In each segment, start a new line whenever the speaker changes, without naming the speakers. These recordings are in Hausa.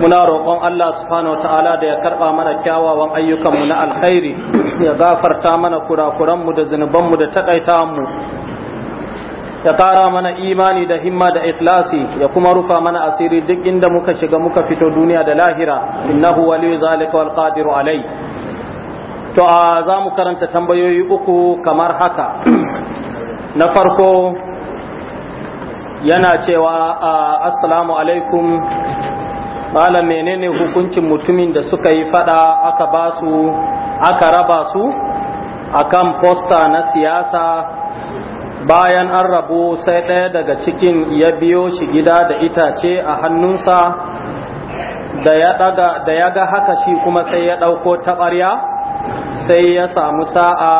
muna roƙon Allah subhanahu wa ta'ala da ya karɓa mana kyawawan ayyukanmu na alkhairi ya gafarta mana kurakuranmu da zunubanmu da taƙaita mu ya ƙara mana imani da himma da ikhlasi ya kuma rufa mana asiri duk inda muka shiga muka fito duniya da lahira innahu waliyu zalika wal qadiru alai to a za mu karanta tambayoyi uku kamar haka na farko yana cewa assalamu alaikum malam menene hukuncin mutumin da suka yi fada aka ba su aka raba su akan posta na siyasa bayan an rabu sai ɗaya daga cikin ya biyo shi gida da itace a hannunsa da ya ga haka shi kuma sai ya ɗauko taɓarya sai ya samu sa'a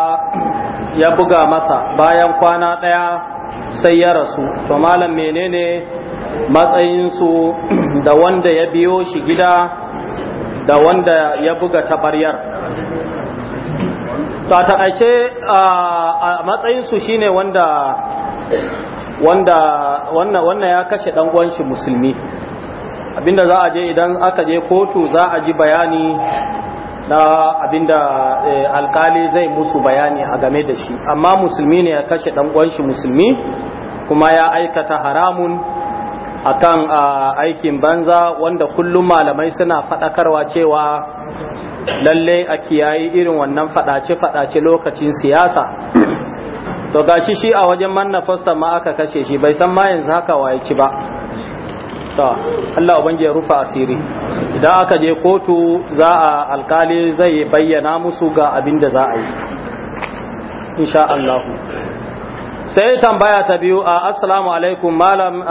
ya buga masa bayan kwana ɗaya sai ya rasu to malam menene matsayinsu da wanda ya biyo shi gida da wanda ya buga tabaryar ta taƙaice a matsayinsu shine wanda wanda ya kashe ɗan uwan shi musulmi abinda za a je idan aka je kotu za a ji bayani na abinda eh, alkali zai musu bayani a game da shi amma musulmi ne ya kashe dan shi musulmi kuma ya aikata haramun akan aikin banza wanda kullum malamai suna faɗakarwa cewa lalle a kiyayi irin wannan fadace-fadace lokacin siyasa to gashi shi a wajen manna fosta ma aka kashe shi bai san ma yanzu haka waye ci ba ta Allah ubangiji ya rufa asiri idan aka je kotu za a alkali zai bayyana musu ga abin da za a yi insha Allah sai tambaya ta biyu a assalamu alaikum malam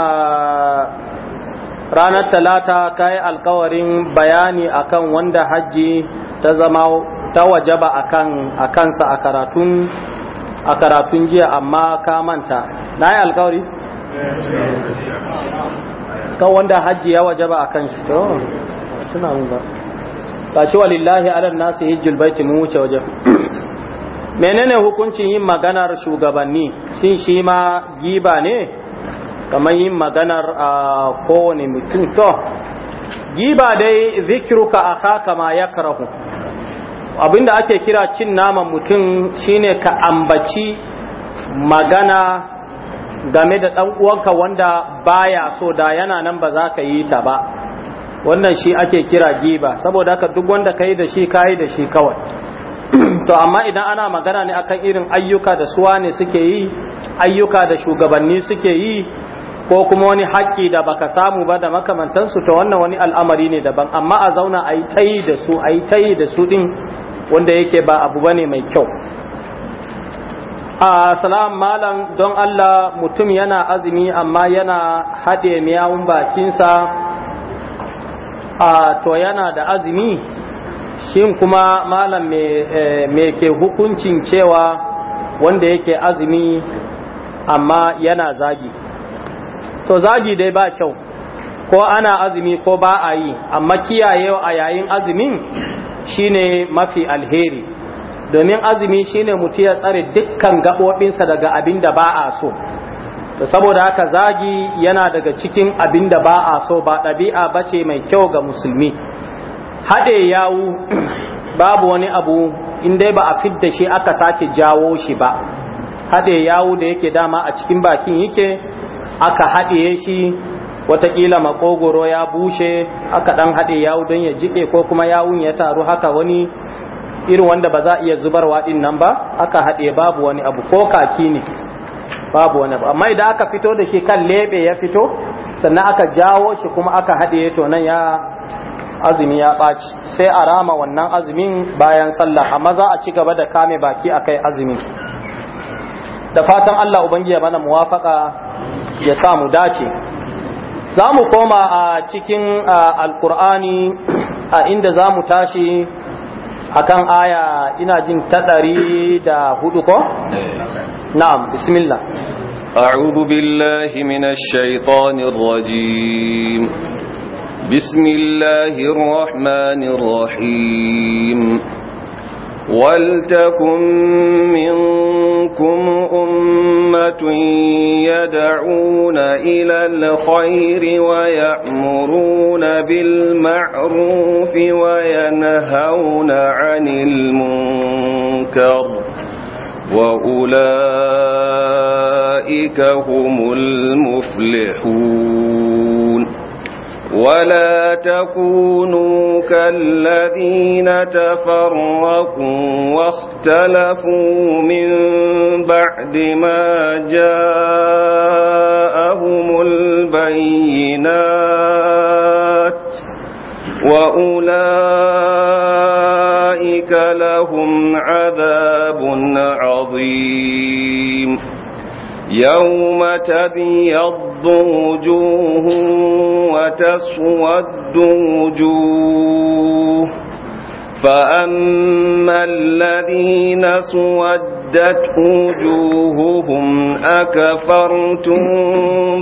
ranar talata kai alkawarin bayani akan wanda hajji ta zama ta wajaba a kansa a karatun jiya amma ka manta na yi alkawari eh, eh, eh, kan wanda hajji ya wajaba a kan shi to suna mun ba walillahi ala nasu hijjul baiti mu wuce waje. menene hukuncin yin maganar shugabanni shin shi ma giba ne kamar yin maganar a kowane mutum to giba dai zikiruka aka kama ya karahu abinda ake kira cin naman mutum shine ka ambaci magana game da ɗan uwanka wanda baya so da yana nan ba za ka yi ta ba wannan shi ake kira giba saboda haka duk wanda ka yi da shi ka yi da shi kawai to amma idan ana magana ne akan irin ayyuka da suwa ne suke yi ayyuka da shugabanni suke yi ko kuma wani haƙƙi da baka samu ba da makamantansu to wannan wani al'amari ne daban amma a zauna a yi tayi da su a yi tayi da su ɗin wanda yake ba abu bane mai kyau a ah, salam malam don Allah mutum yana azumi amma yana haɗe miyawun bakinsa a ah, to yana da azumi shin kuma malam eh, me ke hukuncin cewa wanda yake azumi amma yana zagi to zagi dai ba kyau ko ana azumi ko ba a yi amma kiyaye a yayin azumin shine mafi alheri domin azumi shine mutu ya tsare dukkan gaɓoɓinsa daga abin da ba a so to saboda haka zagi yana daga cikin abin da ba a so ba ɗabi'a ba ce mai kyau ga musulmi haɗe yawu babu wani abu in dai ba a fidda shi aka sake jawo shi ba haɗe yawu da yake dama a cikin bakin yake aka haɗiye shi watakila makogoro ya bushe aka ɗan haɗe yawu don ya jiƙe ko kuma yawun ya taru haka wani irin wanda ba za a iya zubarwa din nan ba aka haɗe babu wani abu ko kaki ne babu wani abu amma idan aka fito da shi kan lebe ya fito sannan aka jawo shi kuma aka haɗe to nan ya azumi ya ɓaci sai a rama wannan azumin bayan sallah amma za a ci gaba da kame baki akai azumi. da fatan Allah ubangiya mana muwafaka ya sa mu dace za mu koma a cikin alkur'ani a inda za mu tashi akan aya ina jin ta ɗari da hudu ko? na'am bismillah
أعوذ بالله من الشيطان الرجيم بسم الله الرحمن الرحيم ولتكن منكم أمة يدعون إلى الخير ويأمرون بالمعروف وينهون عن المنكر وأولئك هم المفلحون ولا تكونوا كالذين تفرقوا واختلفوا من بعد ما جاءهم البينات وأولئك لهم عذاب عظيم يوم تبيض تبيض وجوه وتسود وجوه فأما الذين سودت وجوههم أكفرتم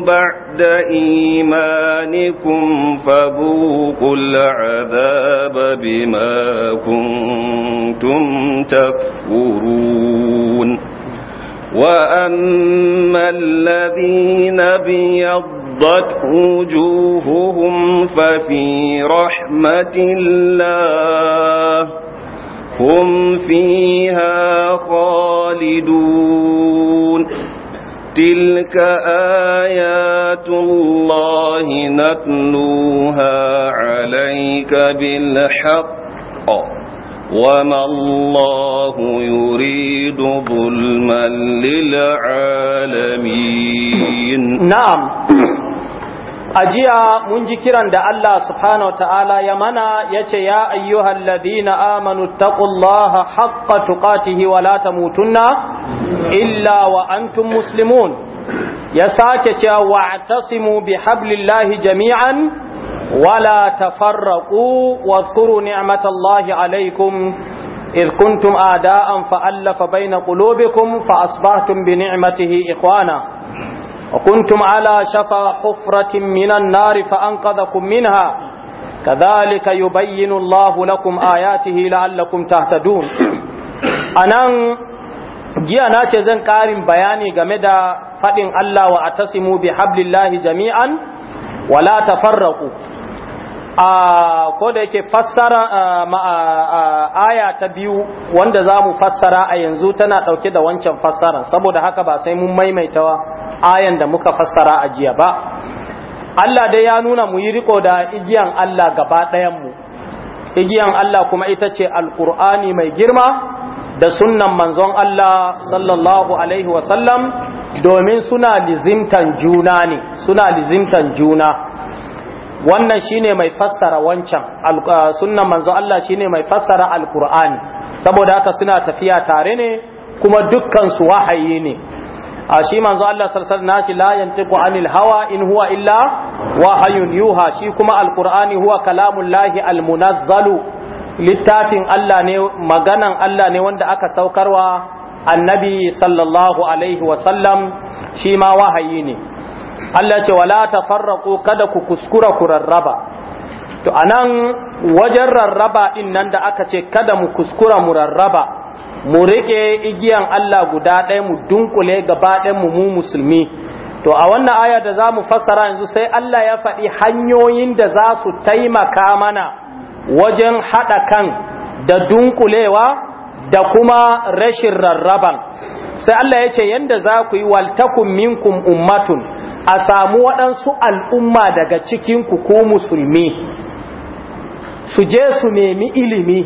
بعد إيمانكم فذوقوا العذاب بما كنتم تكفرون وأما الذين بيضت وجوههم ففي رحمة الله هم فيها خالدون تلك آيات الله نتلوها عليك بالحق وما الله يريد ظلما للعالمين
نعم أجيا منجي كيران دا الله سبحانه وتعالى يمنا يتي يا أيها الذين آمنوا اتقوا الله حق تقاته ولا تموتن إلا وأنتم مسلمون يساكت واعتصموا بحبل الله جميعا ولا تفرقوا واذكروا نعمة الله عليكم إذ كنتم آداء فألف بين قلوبكم فأصبحتم بنعمته إخوانا وكنتم على شفا حفرة من النار فأنقذكم منها كذلك يبين الله لكم آياته لعلكم تهتدون أنا jiya na ce zan ƙarin bayani game da faɗin Allah wa a tasimu bi hablillahi jami'an wala tafarraku a ko da yake fassara aya ta biyu wanda za mu fassara a yanzu tana ɗauke da wancan fassara saboda haka ba sai mun maimaita ayan da muka fassara a jiya ba Allah dai ya nuna mu yi riko da igiyan Allah gaba mu igiyan Allah kuma ita ce alƙur'ani mai girma da sunnan manzon Allah sallallahu alaihi wasallam domin suna lizimtan juna ne suna lizimtan juna wannan shine mai fassara wancan uh, sunnan manzo Allah shine mai fassara alqur'ani saboda haka suna tafiya tare ne kuma dukkan su wahayi ne a shi manzo Allah sallallahu alaihi la yantiqu anil hawa in huwa illa wahayun yuha shi kuma alqur'ani huwa kalamul lahi munazzalu littafin Allah ne maganan Allah ne wanda aka saukarwa annabi sallallahu alaihi sallam. shi ma wahayi ne Allah ce wala tafarraqu kada ku kuskura ku rarraba to anan wajen rarraba din nan da aka ce kada mu kuskura mu rarraba mu rike igiyan Allah guda ɗaya mu dunkule gaba ɗayan mu mu musulmi to a wannan aya da za mu fassara yanzu sai Allah ya faɗi hanyoyin da za su taimaka mana wajen haɗa kan da dunkulewa da kuma rashin rarraban sai Allah ya ce yanda za ku yi waltakun minkum ummatun a samu waɗansu al'umma daga cikinku ko musulmi su je su nemi ilimi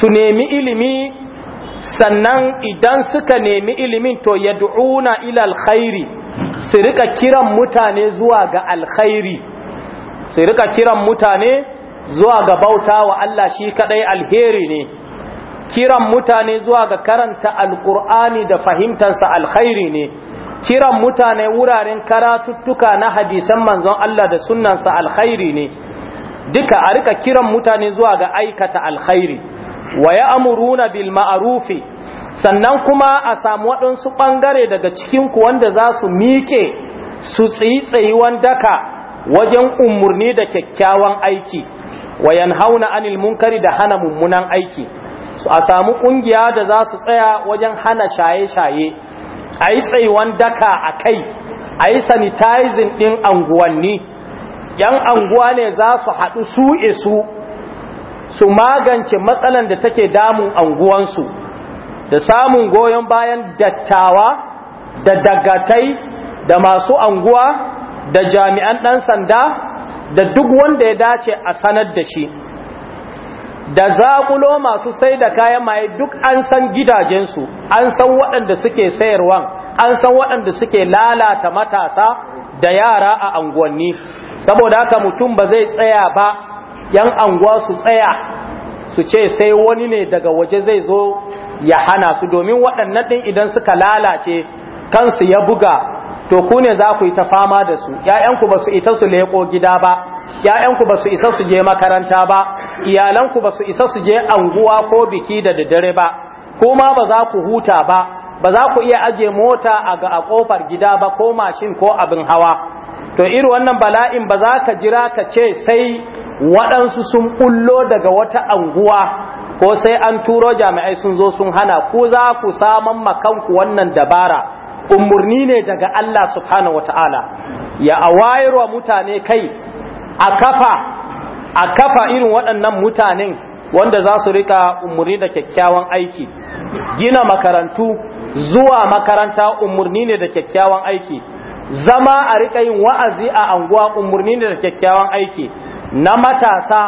su nemi ilimi sannan idan suka nemi ilimin to ya yad'una ila alkhairi su rika kiran mutane zuwa ga alkhairi su rika kiran mutane zuwa ga bauta wa Allah shi kadai alheri ne kiran mutane zuwa ga karanta alkur'ani da fahimtansa alkhairi ne kiran mutane wuraren karatuttuka na hadisan manzon Allah da sunnansa alkhairi ne duka a rika kiran mutane zuwa ga aikata alkhairi wa ya amuruna bil ma'arufi sannan kuma a samu waɗansu ɓangare daga cikinku wanda za su miƙe su tsiyi daka wajen umurni da kyakkyawan aiki wa yanhauna anil munkari da hana mummunan aiki a samu ƙungiya da za su tsaya wajen hana shaye-shaye a yi tsaiwan daka a kai a yi sanitizing ɗin anguwanni ‘yan anguwa ne za su haɗu su isu su magance matsalan da take damun anguwansu da samun goyon bayan dattawa da dagatai da masu anguwa da jami'an ɗan sanda da duk wanda ya dace a sanar da shi da zakulo masu sai da kayan maye duk an san gidajensu an san waɗanda suke sayarwan an san waɗanda suke lalata matasa da yara a anguwanni saboda haka mutum ba zai tsaya ba yan anguwa su tsaya su ce sai wani ne daga waje zai zo ya hana su domin waɗannan ɗin idan suka lalace kansu ya buga to ku ne za ku yi ta fama da su ‘ya'yanku ba su isa su leƙo gida ba ‘ya'yanku ba su isa su je makaranta ba iyalanku ba su isa su je anguwa ko biki da daddare ba kuma ba za ku huta ba ba za ku iya aje mota a ga a kofar gida ba ko mashin ko abin hawa to irin wannan bala'in ba za ka jira ka ce sai waɗansu sun bullo daga wata anguwa ko sai an turo jami'ai sun zo sun hana ku za ku saman makanku wannan dabara umarni ne daga Allah subhanahu wata'ala ya awayarwa mutane kai a kafa a kafa irin waɗannan mutanen wanda za su rika umarni da kyakkyawan aiki gina makarantu zuwa makaranta umarni ne da kyakkyawan aiki zama a rika yin wa'azi a anguwa umarni ne da kyakkyawan aiki na matasa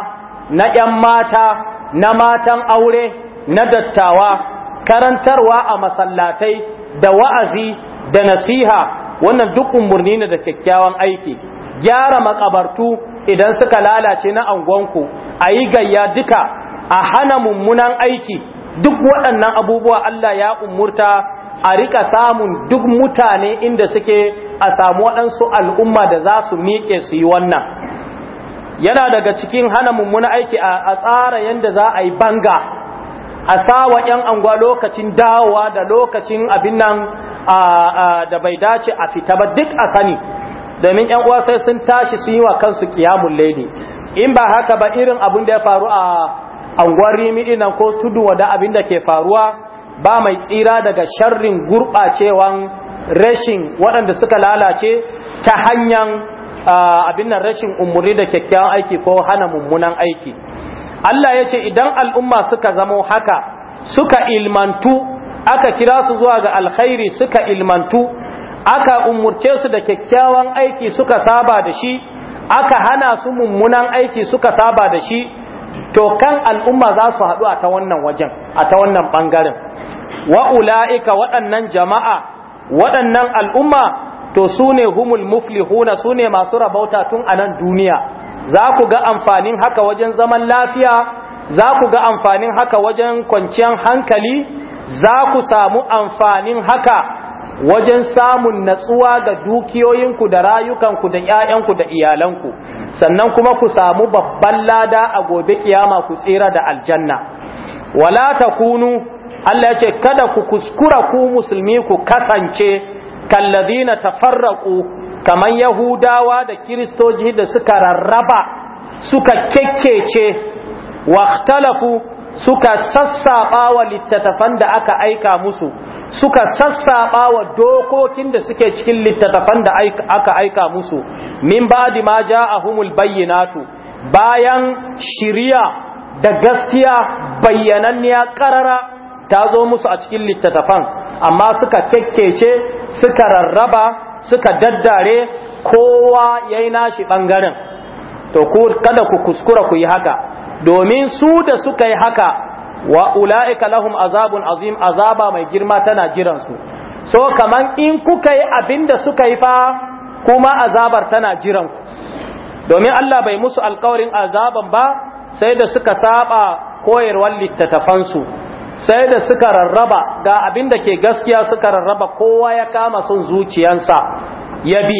na 'yan mata na matan aure na dattawa karantarwa a masallatai da wa'azi da nasiha wannan duk umarni ne da kyakkyawan aiki gyara makabartu idan suka lalace na angonku a yi gayya duka a hana mummunan aiki duk waɗannan abubuwa Allah ya umurta a rika samun duk mutane inda suke a samu waɗansu al'umma da za su miƙe su yi wannan yana daga cikin hana mummunan aiki a tsara yadda za a yi banga a sawa 'yan angwa lokacin dawowa da lokacin abin nan da bai dace a fita ba duk a sani domin yan uwa sai sun tashi sun yi wa kansu kiyamun laili in ba haka ba irin abin da ya faru a anguwar rimi nan ko tudu wada abin da ke faruwa ba mai tsira daga sharrin gurɓacewan rashin waɗanda suka lalace ta hanyar abin nan rashin umarni da kyakkyawan aiki ko hana mummunan aiki Allah ya ce idan al'umma suka zamo haka suka ilmantu aka kira su zuwa ga alkhairi suka ilmantu aka umurce su da kyakkyawan aiki suka saba da shi aka hana su mummunan aiki suka saba da shi to kan al'umma za su haɗu a ta wannan wajen a ta wannan ɓangaren wa'ula'ika waɗannan jama'a waɗannan al'umma to su ne humul muflihuna su ne masu rabauta tun a nan duniya za ku ga amfanin haka wajen zaman lafiya za ku ga amfanin haka wajen kwanciyar hankali za ku samu amfanin haka wajen samun natsuwa ga dukiyoyinku da rayukanku da ‘ya'yanku da iyalanku, sannan kuma ku samu babban lada a gobe kiyama ku tsira da aljanna. Wala ta kunu, Allah ce, kada ku kuskura ku musulmi ku kasance, kallazina ta farraƙu, kamar Yahudawa da Kiristoji da suka rarraba, suka kekkece, waktalafu suka sassaɓa wa littattafan da aka aika musu suka sassaɓa wa dokokin da suke cikin littattafan da aka aika musu min di ma ja'ahumul bayyinatu bayan shiriya da gaskiya bayyananniya karara ta zo musu a cikin littattafan amma suka kekkece suka rarraba suka daddare kowa yayi nashi ɓangaren to kada ku kuskura ku yi haka domin su da suka yi haka wa ula'ika lahum azabun azim azaba mai girma tana jiransu so kaman in kuka yi abin da suka yi fa kuma azabar tana jiran domin Allah bai musu alkawarin azaban ba sai da suka saba koyarwar littattafansu sai da suka rarraba ga abin da ke gaskiya suka rarraba kowa ya kama sun zuciyansa ya bi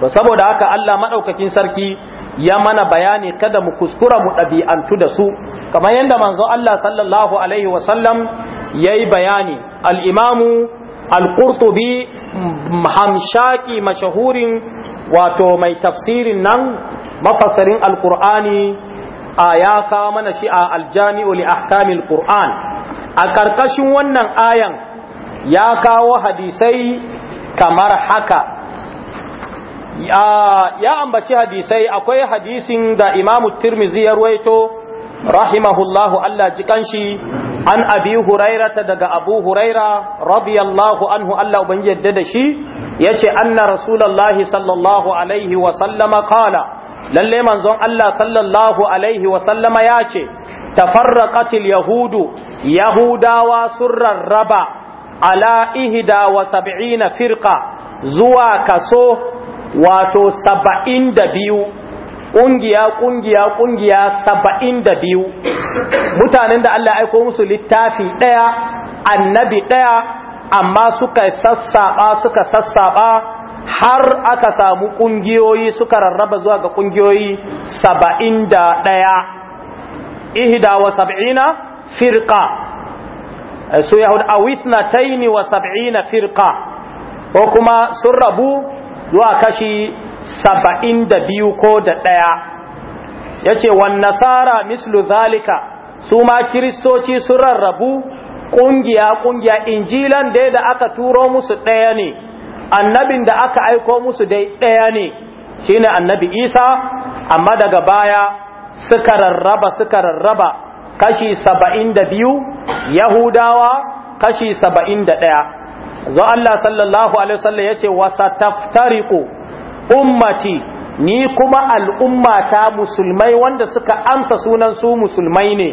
to saboda haka Allah maɗaukakin sarki ya mana bayani kada mu kuskura mu ɗabi'antu da su kamar yadda manzo Allah sallallahu alaihi wasallam ya yi bayani al'imamu al-qurtubi hamshaki mashahurin wato mai tafsirin nan mafasarin al ƙurani a ya kawo mana shi a aljami'u li ahkamil qur'an a ƙarƙashin wannan ayan ya kawo hadisai kamar haka ya ambaci hadisai akwai hadisin da imamu tirmizi ya ruwaito rahimahullahu Allah ji kanshi an abi hurairata daga abu huraira radiyallahu anhu Allah ubangi yadda da shi Ya ce anna rasulullahi sallallahu alaihi wa sallama kala. lalle manzon Allah sallallahu alaihi wa sallama ya yace tafarraqatil yahudu yahudawa surran raba ala ihda wa sab'ina firqa zuwa kaso wato saba'in da biyu ƙungiya ƙungiya ƙungiya saba'in da biyu mutanen da Allah aiko musu littafi ɗaya annabi ɗaya amma suka sassaɓa suka sassaɓa har aka samu ƙungiyoyi suka rarraba zuwa ga ƙungiyoyi saba'in da ɗaya ihida wa saba'ina firka su yahud awithna taini wa saba'ina firka ko kuma sun rabu zuwa kashi saba'in da biyu ko da ɗaya ya ce wa nasara mislu zalika su ma kiristoci sun rarrabu ƙungiya ƙungiya injilan dai da aka turo musu ɗaya ne annabin da aka aiko musu dai ɗaya ne shine annabi isa amma daga baya suka rarraba suka rarraba kashi saba'in da biyu yahudawa kashi saba'in da ɗaya zo Allah sallallahu alaihi wasallam yace wasataftariqu ummati ni kuma al'umma ta musulmai wanda suka amsa sunan su musulmai ne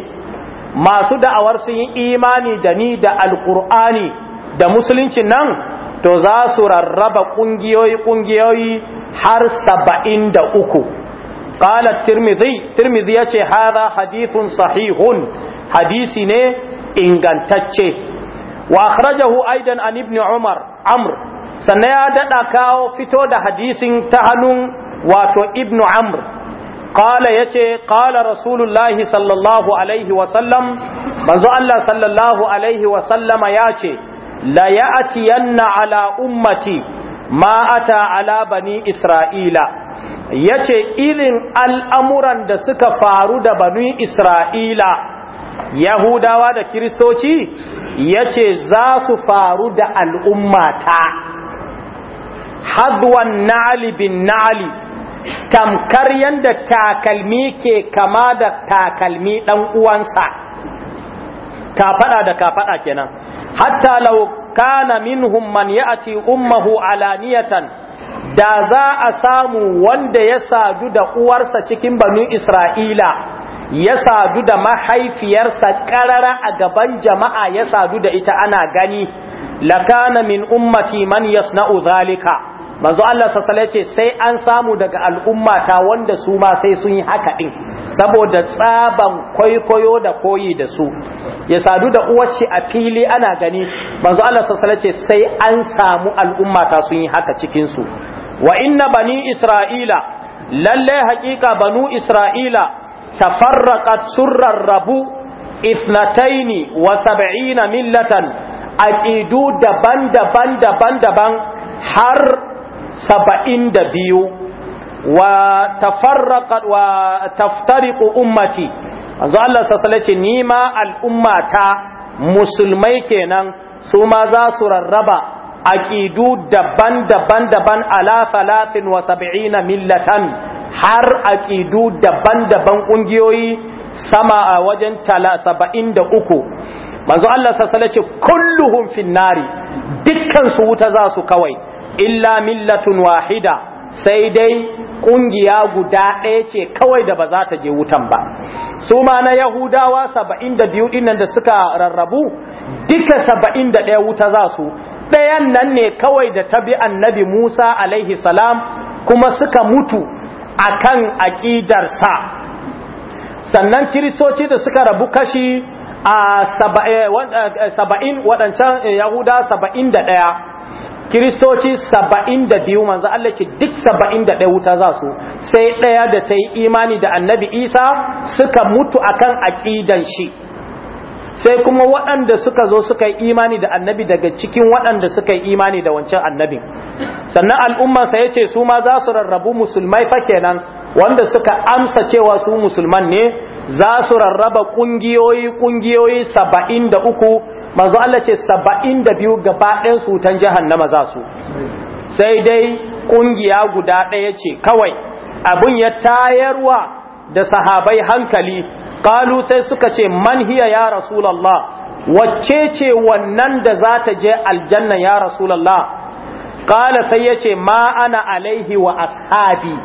masu da'awar sun yi imani da ni da alqur'ani da musulunci nan to za su rarraba kungiyoyi kungiyoyi har saba'in da uku. qala tirmidhi tirmidhi yace hadha hadithun sahihun hadisi ne ingantacce wa akhrajahu aidan an ibn umar amr sannan ya daɗa kawo fito da hadisin ta hannun wato ibn amr qala yace qala rasulullahi sallallahu alaihi wa sallam manzo Allah sallallahu alaihi wa sallama yace la ya'tiyanna ala ummati ma ata ala bani isra'ila yace irin al'amuran da suka faru da bani isra'ila yahudawa da kiristoci yace za su faru da al'ummata hadwan na'ali bin na'ali tamkar yadda takalmi ke kama da takalmi ɗanuwansa uwansa kafaɗa da kafaɗa kenan hatta lau kana minhum man ya'ti ummuhu alaniyatan da za a samu wanda ya sadu da uwarsa cikin banu isra'ila ya sadu da mahaifiyarsa karara a gaban jama'a ya sadu da ita ana gani lakana min ummati man yasna'u zalika manzo Allah sassale ce sai an samu daga al'ummata wanda su ma sai sun yi haka din. saboda tsaban kwaikwayo da koyi da su ya sadu da uwar shi a fili ana gani manzo Allah sassale ce sai an samu al'ummata sun yi haka cikinsu wa inna bani isra'ila lalle haƙiƙa banu isra'ila tafarraqat sun rarrabu ithnataini wa sab'ina millatan aqidu daban-daban daban-daban har saba'in da biyu wa tafarraqat wa taftariqu ummati manzo Allah sallallahu alaihi ni ma al'ummata musulmai kenan su ma za su rarraba aqidu daban-daban daban ala 73 millatan har aƙidu daban-daban ƙungiyoyi sama a wajen tala saba'in da uku manzo Allah sassale ce kulluhum finnari dukkansu wuta za su kawai illa millatun wahida sai dai ƙungiya guda ɗaya ce kawai da ba za ta je wutan ba su ma na yahudawa saba'in da biyu ɗinnan da suka rarrabu duka saba'in da ɗaya wuta za su ɗayan nan ne kawai da tabi annabi musa alaihi salam kuma suka mutu akan aƙidarsa sannan kiristoci da suka rabu kashi a eh, eh, eh, saba'in waɗancan yahuda saba'in da ɗaya kiristoci saba'in da biyu manzu Allah ce duk saba'in da ɗaya wuta za su sai ɗaya da ta yi imani da annabi isa suka mutu akan aƙidan shi sai kuma waɗanda suka zo suka yi imani da annabi daga cikin waɗanda suka yi imani da wancan annabi sannan al'ummansa ya ce su ma za su rarrabu musulmai fa kenan wanda suka amsa cewa su musulman ne za su rarraba ƙungiyoyi ƙungiyoyi saba'in da uku manzo Allah ce saba'in da biyu gaba ɗayan su tan jahannama za su sai dai ƙungiya guda ɗaya ce kawai abun ya tayarwa da sahabai hankali Kalu sai suka ce man hiya ya rasulullah wacce ce wannan da za ta je aljanna ya rasulullah qala sai yace ma ana alaihi wa ashabi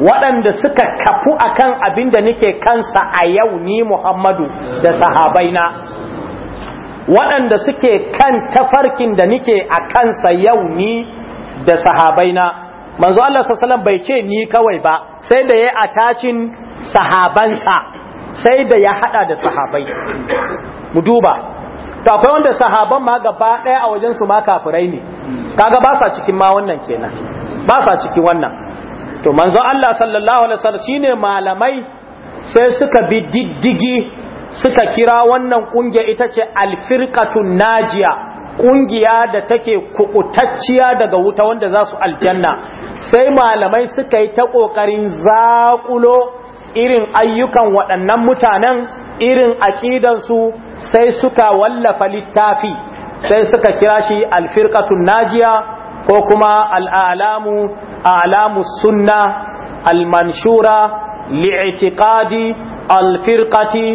waɗanda suka kafu akan abin da nake kansa a yau ni Muhammadu da sahabaina waɗanda suke kan tafarkin da nike a kansa yau ni da sahabaina manzo Allah sallallahu bai ce ni kawai ba sai da ya attachin sahabansa sai da ya hada da sahabai mu duba to akwai wanda sahaban ma gaba daya a wajen su ma kafirai ne kaga ba sa cikin ma wannan kenan ba sa cikin wannan to manzo Allah sallallahu alaihi wasallam shine malamai sai suka bi diddigi suka kira wannan kungiya ita ce al-firqatu najiya kungiya da take kuƙutacciya daga wuta wanda za su aljanna sai malamai suka yi ta ƙoƙarin zaƙulo irin ayyukan waɗannan mutanen irin aƙidansu sai suka wallafa littafi sai suka kira shi alfirkatun najiya ko kuma al'alamu alamu sunna almanshura li'itikadi alfirkati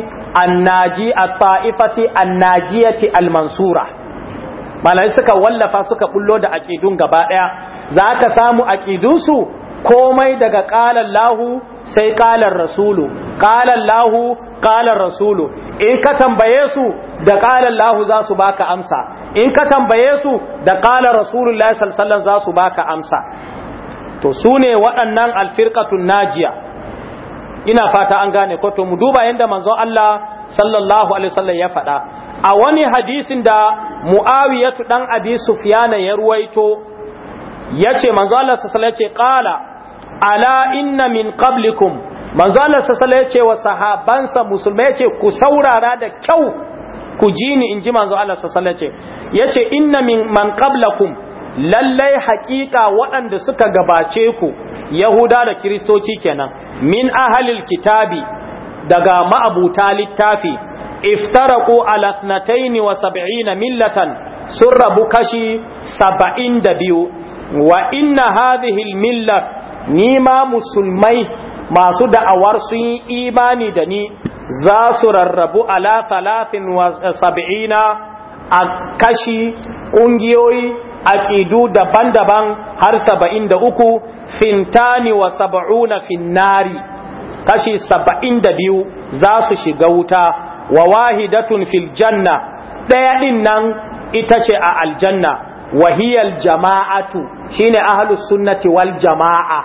annaji a ta'ifati annajiyati almansura malai suka wallafa suka bullo da aqidun gaba daya zaka samu aqidunsu komai daga qala Allahu sai qala Rasulu qala Allahu qala Rasulu in ka tambaye su da qala Allahu za su baka amsa in ka tambaye su da qala Rasulullahi sallallahu alaihi za su baka amsa to sune waɗannan alfirqatun najiya ina fata an gane ko to mu duba yanda manzon Allah sallallahu alaihi wasallam ya faɗa a wani hadisin da mu'awiyatu dan abi sufyana ya ruwaito yace manzo Allah sallallahu alaihi qala ala inna min qablikum manzo Allah sallallahu alaihi wa sahabansa musulmai yace ku saurara da kyau ku ji ni inji manzo Allah sallallahu alaihi yace inna min man qablakum lallai haƙiƙa waɗanda suka gabace ku yahuda da kiristoci kenan min ahalil kitabi daga ma'abuta littafi iftaraku ala 72 millatan sun rabu kashi 72 wa inna hadhihi al-millat nima musulmai masu da'awar sun yi imani da ni za su rarrabu ala 73 a kashi ƙungiyoyi aƙidu daban-daban har 73 fintani wa 70 finnari kashi 72 za su shiga wuta wa wahidatun fil janna ɗaya din nan ita ce a aljanna wahiyar jama'atu shine ahlus sunnati wal jama'a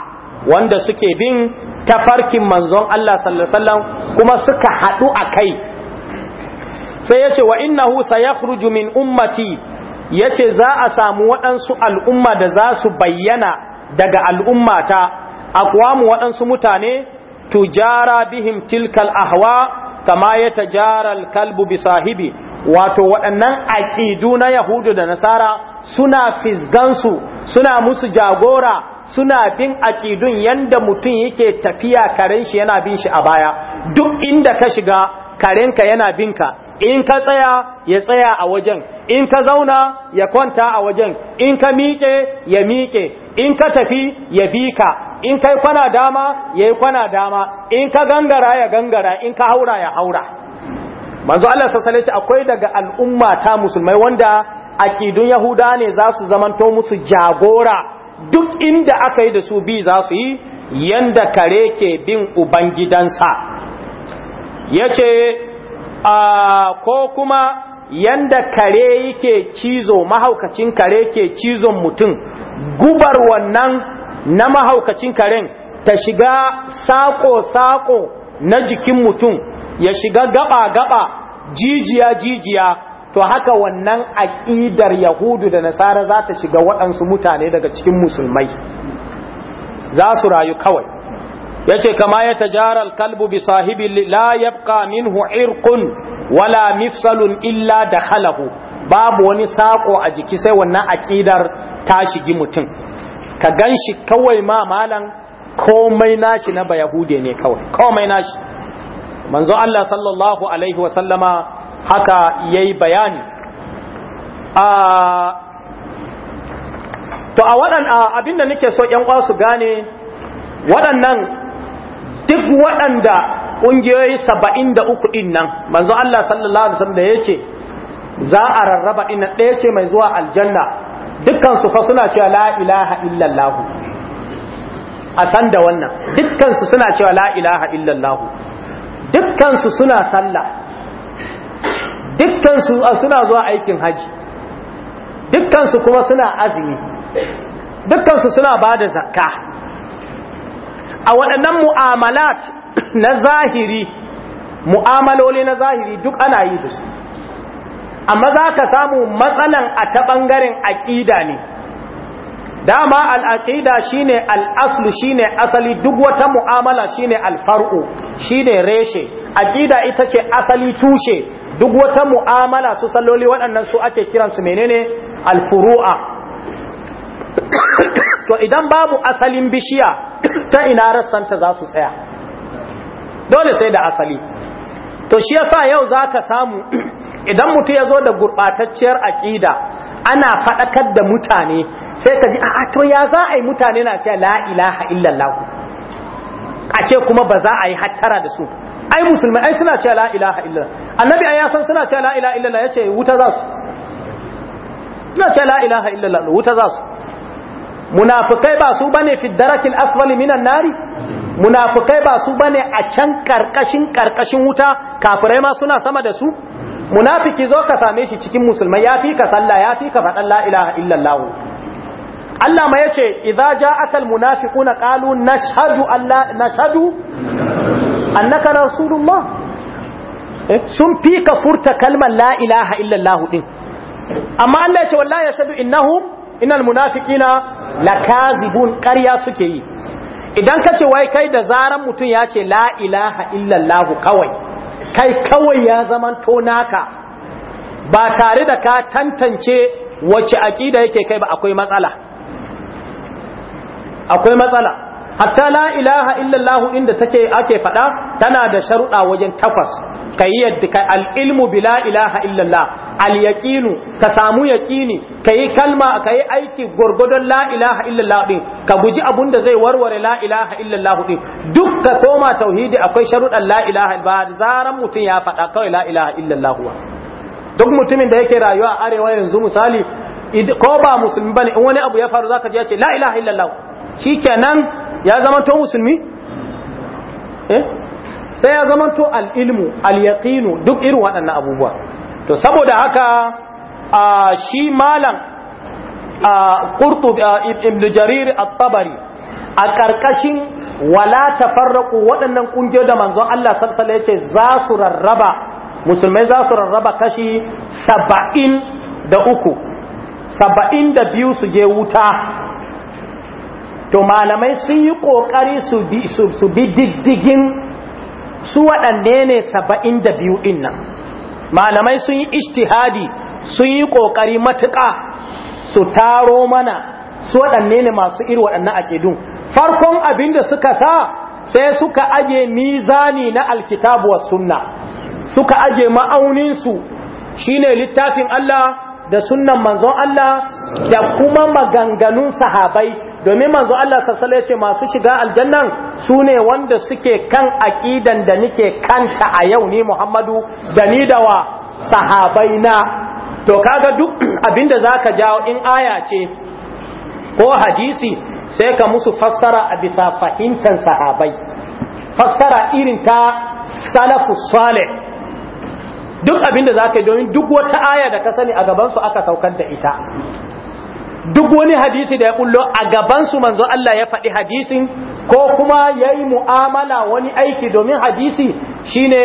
wanda suke bin tafarkin manzon Allah sallallahu alaihi wasallam kuma suka haɗu a kai sai yace wa innahu sayakhruju min ummati yace za a samu waɗansu al'umma da za su bayyana daga al'ummata aqwamu waɗansu mutane tujara bihim tilkal ahwa kama ya jaral kalbu bi sahibi wato waɗannan aƙidu na yahudu da nasara suna fisgansu suna musu jagora suna bin aƙidun yanda mutum yake tafiya karen shi yana bin shi a baya duk inda ka shiga karenka yana binka in ka tsaya ya tsaya a wajen in ka zauna ya kwanta a wajen in ka miƙe ya miƙe in ka tafi ya bi ka in kai kwana dama ya yi kwana dama in ka gangara ya gangara in ka haura ya haura manzo Allah sassale ce akwai daga al'umma ta musulmai wanda aƙidun yahuda ne za su zamanto musu jagora duk inda aka yi da su bi za su yi yanda kare ke bin ubangidansa ya ce ko kuma yanda kare yake cizo mahaukacin kare ke cizon mutum gubar wannan na mahaukacin karen ta shiga sako-sako na jikin mutum ya shiga gaba-gaba jijiya-jijiya to haka wannan aƙidar yahudu da nasara za ta shiga waɗansu mutane daga cikin musulmai za su rayu kawai ya ce kama ya tajarar kalbu bi sahibi la yabqa minhu irqun wala mifsalun illa da halahu babu wani sako a jiki sai wannan aƙidar ta shigi mutum ka gan shi kawai ma malan komai nashi na bayahude ne kawai komai nashi manzo Allah sallallahu alaihi wasallama haka yayi bayani a to a waɗanda abinda nake so ƴan uwa su gane waɗannan duk waɗanda ƙungiyoyi saba'in da uku ɗin nan manzo Allah sallallahu alaihi wasallam da ya za a rarraba ina ɗaya ce mai zuwa aljanna dukkansu fa suna cewa la ilaha illallah a san da wannan dukkansu suna cewa la ilaha illallah dukkansu suna sallah dukkansu suna zuwa aikin haji dukkansu kuma suna azumi dukkansu suna ba da zakka a waɗannan mu'amalat na zahiri mu'amaloli na zahiri duk ana yi da su amma za ka samu matsalan a ta ɓangaren aƙida ne dama al'aƙida shine al'aslu shine asali duk wata mu'amala shine alfar'u shine reshe aƙida ita ce asali tushe duk wata mu'amala su salloli waɗannan su ake kiransu menene alfuru'a to idan babu asalin bishiya ta ina rassanta za su tsaya dole sai da asali to shi yasa yau zaka samu idan mutu ya zo da gurɓatacciyar aƙida ana faɗakar da mutane sai ka ji a to ya za a yi mutane na cewa la ilaha illallah a ce kuma ba za a yi hattara da su ai musulmai ai suna cewa la ilaha illallah annabi ai ya san suna cewa la ilaha illallah yace wuta za su suna cewa la ilaha illallah wuta za su munafikai ba su bane fi darakil asfali minan nari munafukai ba su bane a can karkashin karkashin wuta kafirai ma suna sama da su munafiki zo ka same shi cikin musulmai ya fi ka sallah ya fi ka faɗan la ilaha Allah ma yace idza ja almunafiquna qalu nashhadu alla nashhadu annaka rasulullah eh, sun fi ka furta kalmar la ilaha illallah din amma Allah yace wallahi yashhadu innahum innal munafiqina lakazibun ƙarya suke yi idan ka ce wai kai da zaran mutum ya ce la ilaha illallahu kawai kai kawai ya zaman tonaka ba tare da ka tantance wace aƙida yake kai ba akwai matsala akwai matsala hatta la ilaha illallah inda take ake faɗa tana da sharuɗa wajen takwas ka yi yadda ka al'ilmu bi la ilaha illallah al-yaqinu ka samu yaqini ka yi kalma ka yi aiki gwargwadon la ilaha illallah din ka guji abun da zai warware la ilaha illallah din duk ka koma tauhidi akwai sharuɗan la ilaha ba zaran mutum ya faɗa kawai la ilaha illallah duk mutumin da yake rayuwa a arewa yanzu misali ko ba musulmi bane in wani abu ya faru zaka je ya ce la ilaha illallah shikenan ya zamanto musulmi eh sai ya zamanto al-ilmu al-yaqinu duk irin waɗannan abubuwa to saboda haka a shi malam a qurtubi ibn jarir at-tabari a karkashin wala tafarraqu waɗannan kungiyoyi da manzon Allah sallallahu alaihi wasallam yace za su rarraba musulmai za su rarraba kashi 70 da uku saba'in da biyu su je wuta to malamai sun yi ƙoƙari su bi diddigin su waɗanne ne saba'in da biyu nan malamai sun yi ijtihadi sun yi ƙoƙari matuƙa su taro mana su waɗanne ne masu iri waɗannan dun? farkon abin da suka sa sai suka aje mizani na alkitabu was sunna suka aje ma'auninsu shine littafin Allah da sunnan manzon Allah da kuma maganganun sahabai domin manzo Allah sassale ya ce masu shiga aljannan su ne wanda suke kan aƙidan da nike kanta a yau ni Muhammadu da ni da wa sahabai na to kaga duk abinda za ka jawo in aya ce ko hadisi sai ka musu fassara a bisa fahimtar sahabai fassara irin ta salafu salih duk abinda za ka yi domin duk wata aya da ka sani a gabansu aka saukar da ita duk wani hadisi da ya bullo a gabansu manzo Allah ya faɗi hadisin ko kuma ya yi mu'amala wani aiki domin hadisi shine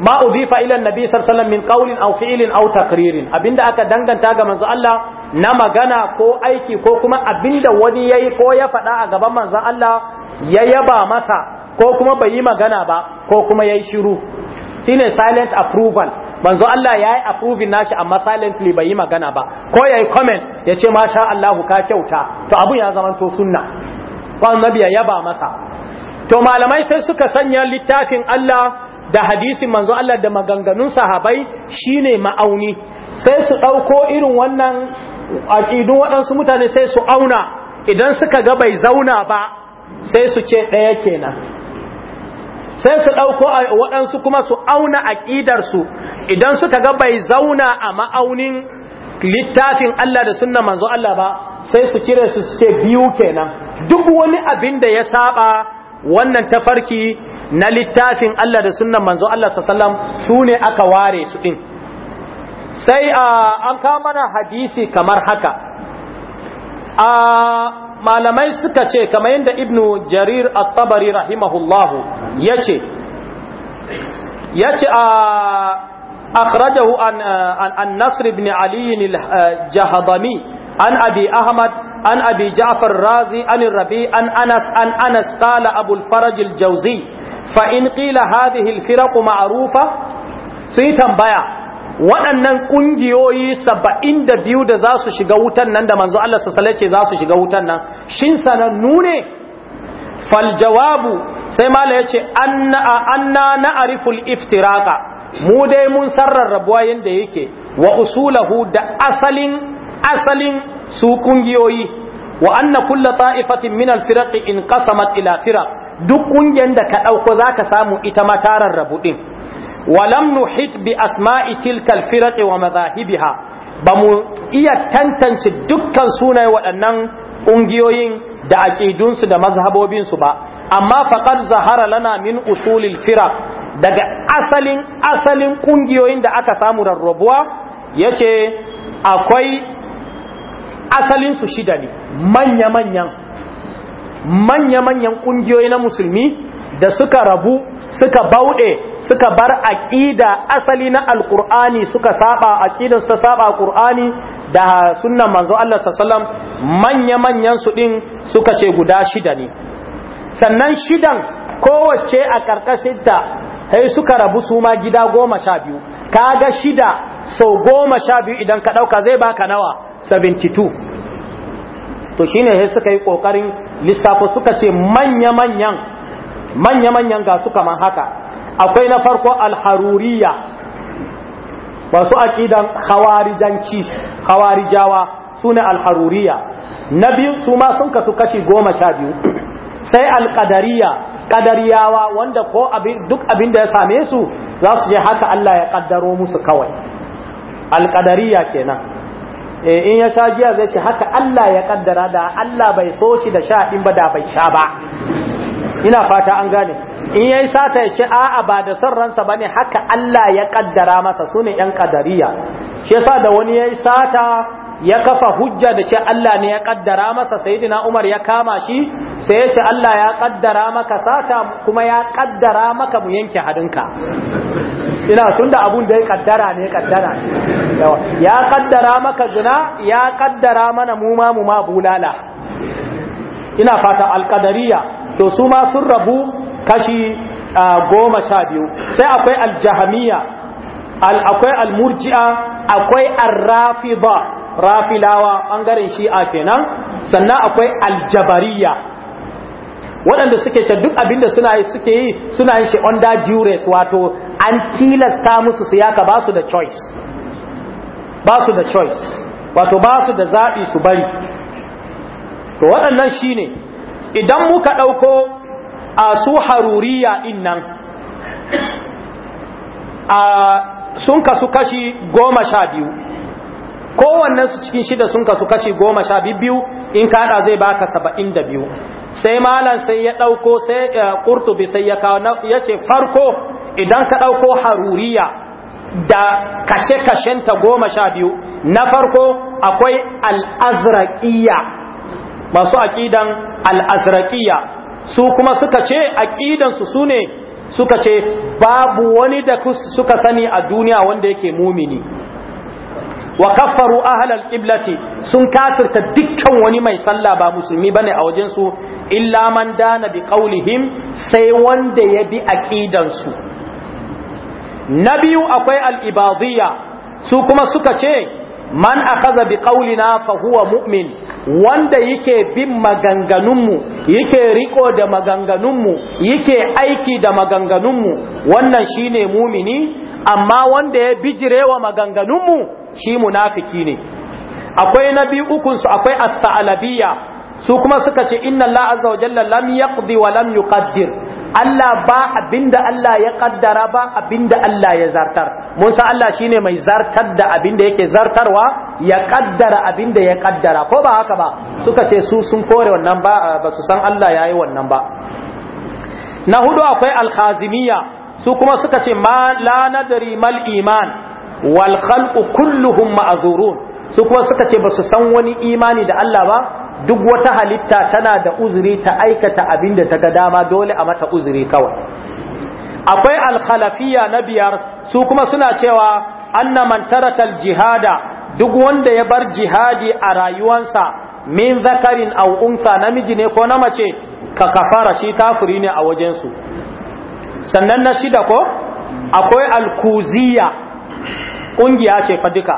ma udhifa ila nabi sallallahu min qawlin aw fi'lin aw takririn abinda aka danganta ga manzo Allah na magana ko aiki ko kuma abinda wani yayi ko ya faɗa a gaban manzo Allah ya yaba masa ko kuma bai yi magana ba ko kuma yayi shiru shine silent approval manzo Allah ya yi approving nashi amma silently bai yi magana ba ko ya yi comment ya ce masha Allahu ka kyauta to abun ya zama to sunna ko annabi ya yaba masa to malamai sai suka sanya littafin Allah da hadisin manzo Allah da maganganun sahabai shine ma'auni sai su ɗauko irin wannan aqidu waɗansu mutane sai su auna idan suka ga bai zauna ba sai su ce ɗaya kenan sai su ɗauko waɗansu kuma su auna aƙidarsu idan suka ga bai zauna a ma'aunin littafin Allah da sunna manzo Allah ba sai su cire su suke biyu kenan duk wani abin da ya saba wannan tafarki na littafin Allah da sunna manzo Allah sallam su ne aka ware su ɗin sai ah, an kama mana hadisi kamar haka a ah, malamai suka ce kamar yadda ibnu jarir at-tabari rahimahullahu yace yace a akhrajahu an an nasr ibn ali al-jahdami an abi ahmad an abi ja'far razi an rabi an anas an anas qala abu al-faraj al-jawzi fa in qila hadhihi al-firaq ma'rufa sai tambaya waɗannan ƙungiyoyi saba'in da biyu da za su shiga wutan nan da manzo Allah sassale ce za su shiga wutan nan shin sanannu ne faljawabu sai mala ya ce anna na'ariful iftiraka mu dai mun sarrarrabuwa yadda yake wa usulahu da asalin asalin su ƙungiyoyi wa anna kulla ta'ifatin min alfiraqi in ƙasa ila firaq duk ƙungiyar da ka ɗauko za ka samu ita ma ta rarrabu ɗin walam nuhit bi asma'i tilkal firaqi wa mazahibiha ba mu iya tantance dukkan sunayen waɗannan ƙungiyoyin da aƙidunsu da mazhabobinsu ba amma faqad zahara lana min usulil firaq daga asalin asalin ƙungiyoyin da aka samu rarrabuwa yace akwai asalinsu shida ne manya-manyan manya-manyan ƙungiyoyi na musulmi da suka rabu suka bauɗe suka bar aƙida asali na alƙur'ani suka saba aƙidan ta saba alƙur'ani da sunnan manzo Allah wasallam manya-manyan su ɗin suka ce guda shida ne sannan shidan kowace a ƙarƙashinta sai suka rabu su ma gida goma sha biyu kaga shida sau goma sha biyu idan ka ɗauka zai baka nawa 72 to shine sai suka yi ƙoƙarin lissafo suka ce manya-manyan manya-manyan ga su kaman haka akwai na farko alharuriya wasu aƙidan hawarijanci hawarijawa su ne alharuriya na biyu su ma sun kasu kashi goma sha biyu sai alƙadariya ƙadariyawa wanda ko duk abin da ya same su za su je haka Allah ya ƙaddaro musu kawai alƙadariya kenan eh, in ya sha giya zai ce haka Allah ya ƙaddara da Allah bai so shi da sha in ba da bai sha ba ina fata an gane in yayi sata ya ce a'a ba da son ransa bane haka Allah ya kaddara masa sune yan kadariya shi yasa da wani yayi sata ya kafa hujja da ce Allah ne ya kaddara masa sayyidina Umar ya kama shi sai ya ce Allah ya kaddara maka sata kuma ya kaddara maka mu yanke hadinka ina tunda abun da ya kaddara ne kaddara ya kaddara maka zina ya kaddara mana mu ma mu ma bulala ina fata alkadariya to su ma sun rabu kashi goma sha biyu sai akwai aljahamiya akwai almurji'a akwai arrafida rafilawa ɓangaren shi'a kenan sannan akwai aljabariya waɗanda suke can duk abinda suna yi suke yi suna yin shi under duress wato an tilasta musu su yaka ba su da choice ba su da choice wato ba su da zaɓi su bari to waɗannan shine idan muka ɗauko a su haruriya innan nan sun kasu kashi goma sha biyu kowannensu cikin shida sun kasu kashi goma sha biyu in kaɗa zai baka saba'in da biyu sai malam sai ya ɗauko sai ƙurtubi eh, sai ya kawo ya ce farko idan ka ɗauko haruriya da kashe-kashenta goma sha biyu na farko akwai al'azraƙiya masu aqidan al-azraqiyya su kuma suka ce aqidan su sune suka ce babu wani da suka sani a duniya wanda yake mumini wa kaffaru ahlal qiblati sun kafirta dukkan wani mai sallah ba musulmi bane a wajensu su illa man dana bi qaulihim sai wanda ya bi aqidan su na biyu akwai al-ibadiyya su kuma suka ce man bi biqaulina fa huwa mu'min wanda yake bin maganganunmu yake riko da maganganunmu yake aiki da maganganunmu wannan shine mumini amma wanda ya bijirewa maganganunmu shi munafiki ne akwai na biyu ukunsu akwai as-sa'alabiyya su kuma suka ce inna Allah azza wa jalla lam yaqdi wa lam yuqaddir Allah ba abinda Allah ya kaddara ba abinda Allah ya zartar mun san Allah shine mai zartar da abinda yake zartarwa ya kaddara abinda ya kaddara ko ba haka ba suka ce su sun kore wannan ba ba su san Allah yayi wannan ba na hudu akwai alkhazimiyya su kuma suka ce ma la nadri mal iman wal khalqu kulluhum ma'zurun su kuma suka ce ba su san wani imani da Allah ba duk wata halitta tana da uzuri ta aikata abin da ta ga dama dole a mata uzuri kawai akwai alkhalafiya na biyar su kuma suna cewa anna man tarakal jihada duk wanda ya bar jihadi a rayuwansa min zakarin aw unsa namiji ne ko na mace ka kafara shi kafiri ne a wajen su sannan na shida ko akwai alkuziya kungiya ce fa duka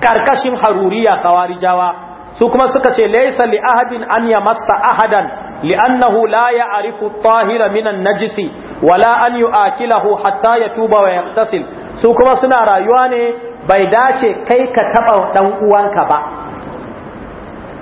karkashin haruriya kawarijawa su kuma suka ce laysa li ahadin an yamassa ahadan li'annahu la ya'rifu at-tahira minan najisi wala an yu'akilahu hatta yatuba wa yaktasil su kuma suna rayuwa ne bai dace kai ka taba dan uwanka ba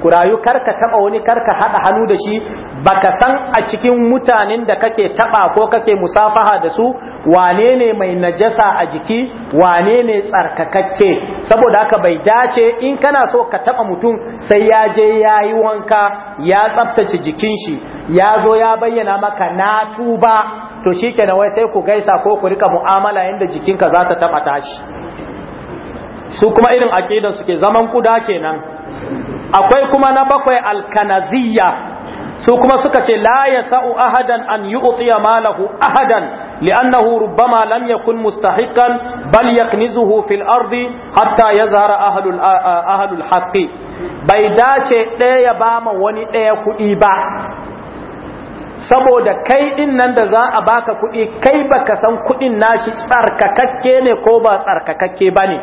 ku rayu karka taba wani karka hada hannu da shi baka san a cikin mutanen da kake taba ko kake musafaha da su wane ne mai najasa a jiki wane ne tsarkakakke saboda haka bai dace in kana so ka taba mutum sai ya je ya yi wanka ya tsaftace jikin shi ya zo ya bayyana maka na tuba to shi wai sai ku gaisa ko ku rika mu'amala yadda jikinka za ta taba tashi su kuma irin aƙidan suke zaman kuda kenan akwai kuma na bakwai alkanaziyya su kuma suka ce la yasa'u ahadan an yu'tiya malahu ahadan li'annahu rubbama lam yakun mustahiqan bal yaknizuhu fil ardi hatta ya zara ahlul haqqi bai dace ɗaya ya bama wani ɗaya kuɗi ba saboda kai din nan da za a baka kuɗi kai baka san kuɗin nashi tsarkakakke ne ko ba tsarkakakke bane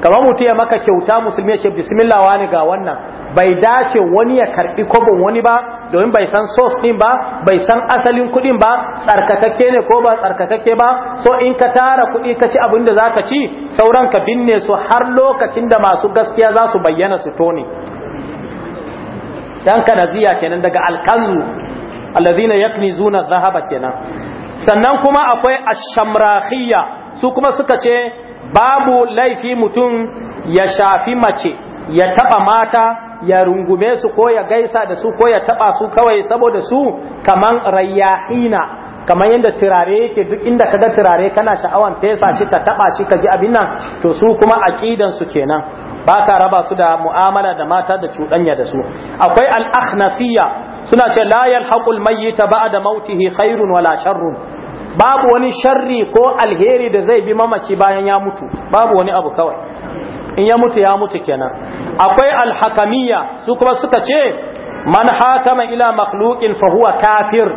kamar mutum ya maka kyauta musulmi ya ce bismillah wani ga wannan bai dace wani ya karɓi kobon wani ba domin bai san source din ba bai san asalin kudin ba tsarkatakke ne ko ba tsarkatakke ba so in ka tara kudi ka ci abin da ka ci sauran ka binne su har lokacin da masu gaskiya za su bayyana su toni. dan kanaziya kenan daga alkanzu alladhina yaknizuna dhahaba kenan sannan kuma akwai ashamrahiya su kuma suka ce babu laifi mutum ya shafi mace ya taba mata ya rungume su ko ya gaisa da su ko ya taba su kawai saboda su kaman rayyahina kaman yadda turare yake duk inda kaga turare kana sha'awan fesa shi ta taba shi ka ji abin nan to su kuma aqidan su kenan ba ka raba su da mu'amala da mata da cuɗanya da su akwai al-akhnasiyya suna ce la yalhaqu al-mayyit ba'da mautihi khairun wala sharrun babu wani sharri ko alheri da zai bi mamaci bayan ya mutu babu wani abu kawai in ya mutu ya mutu kenan akwai alhakamiyya su kuma suka ce man hakama ila makhluqin fa huwa kafir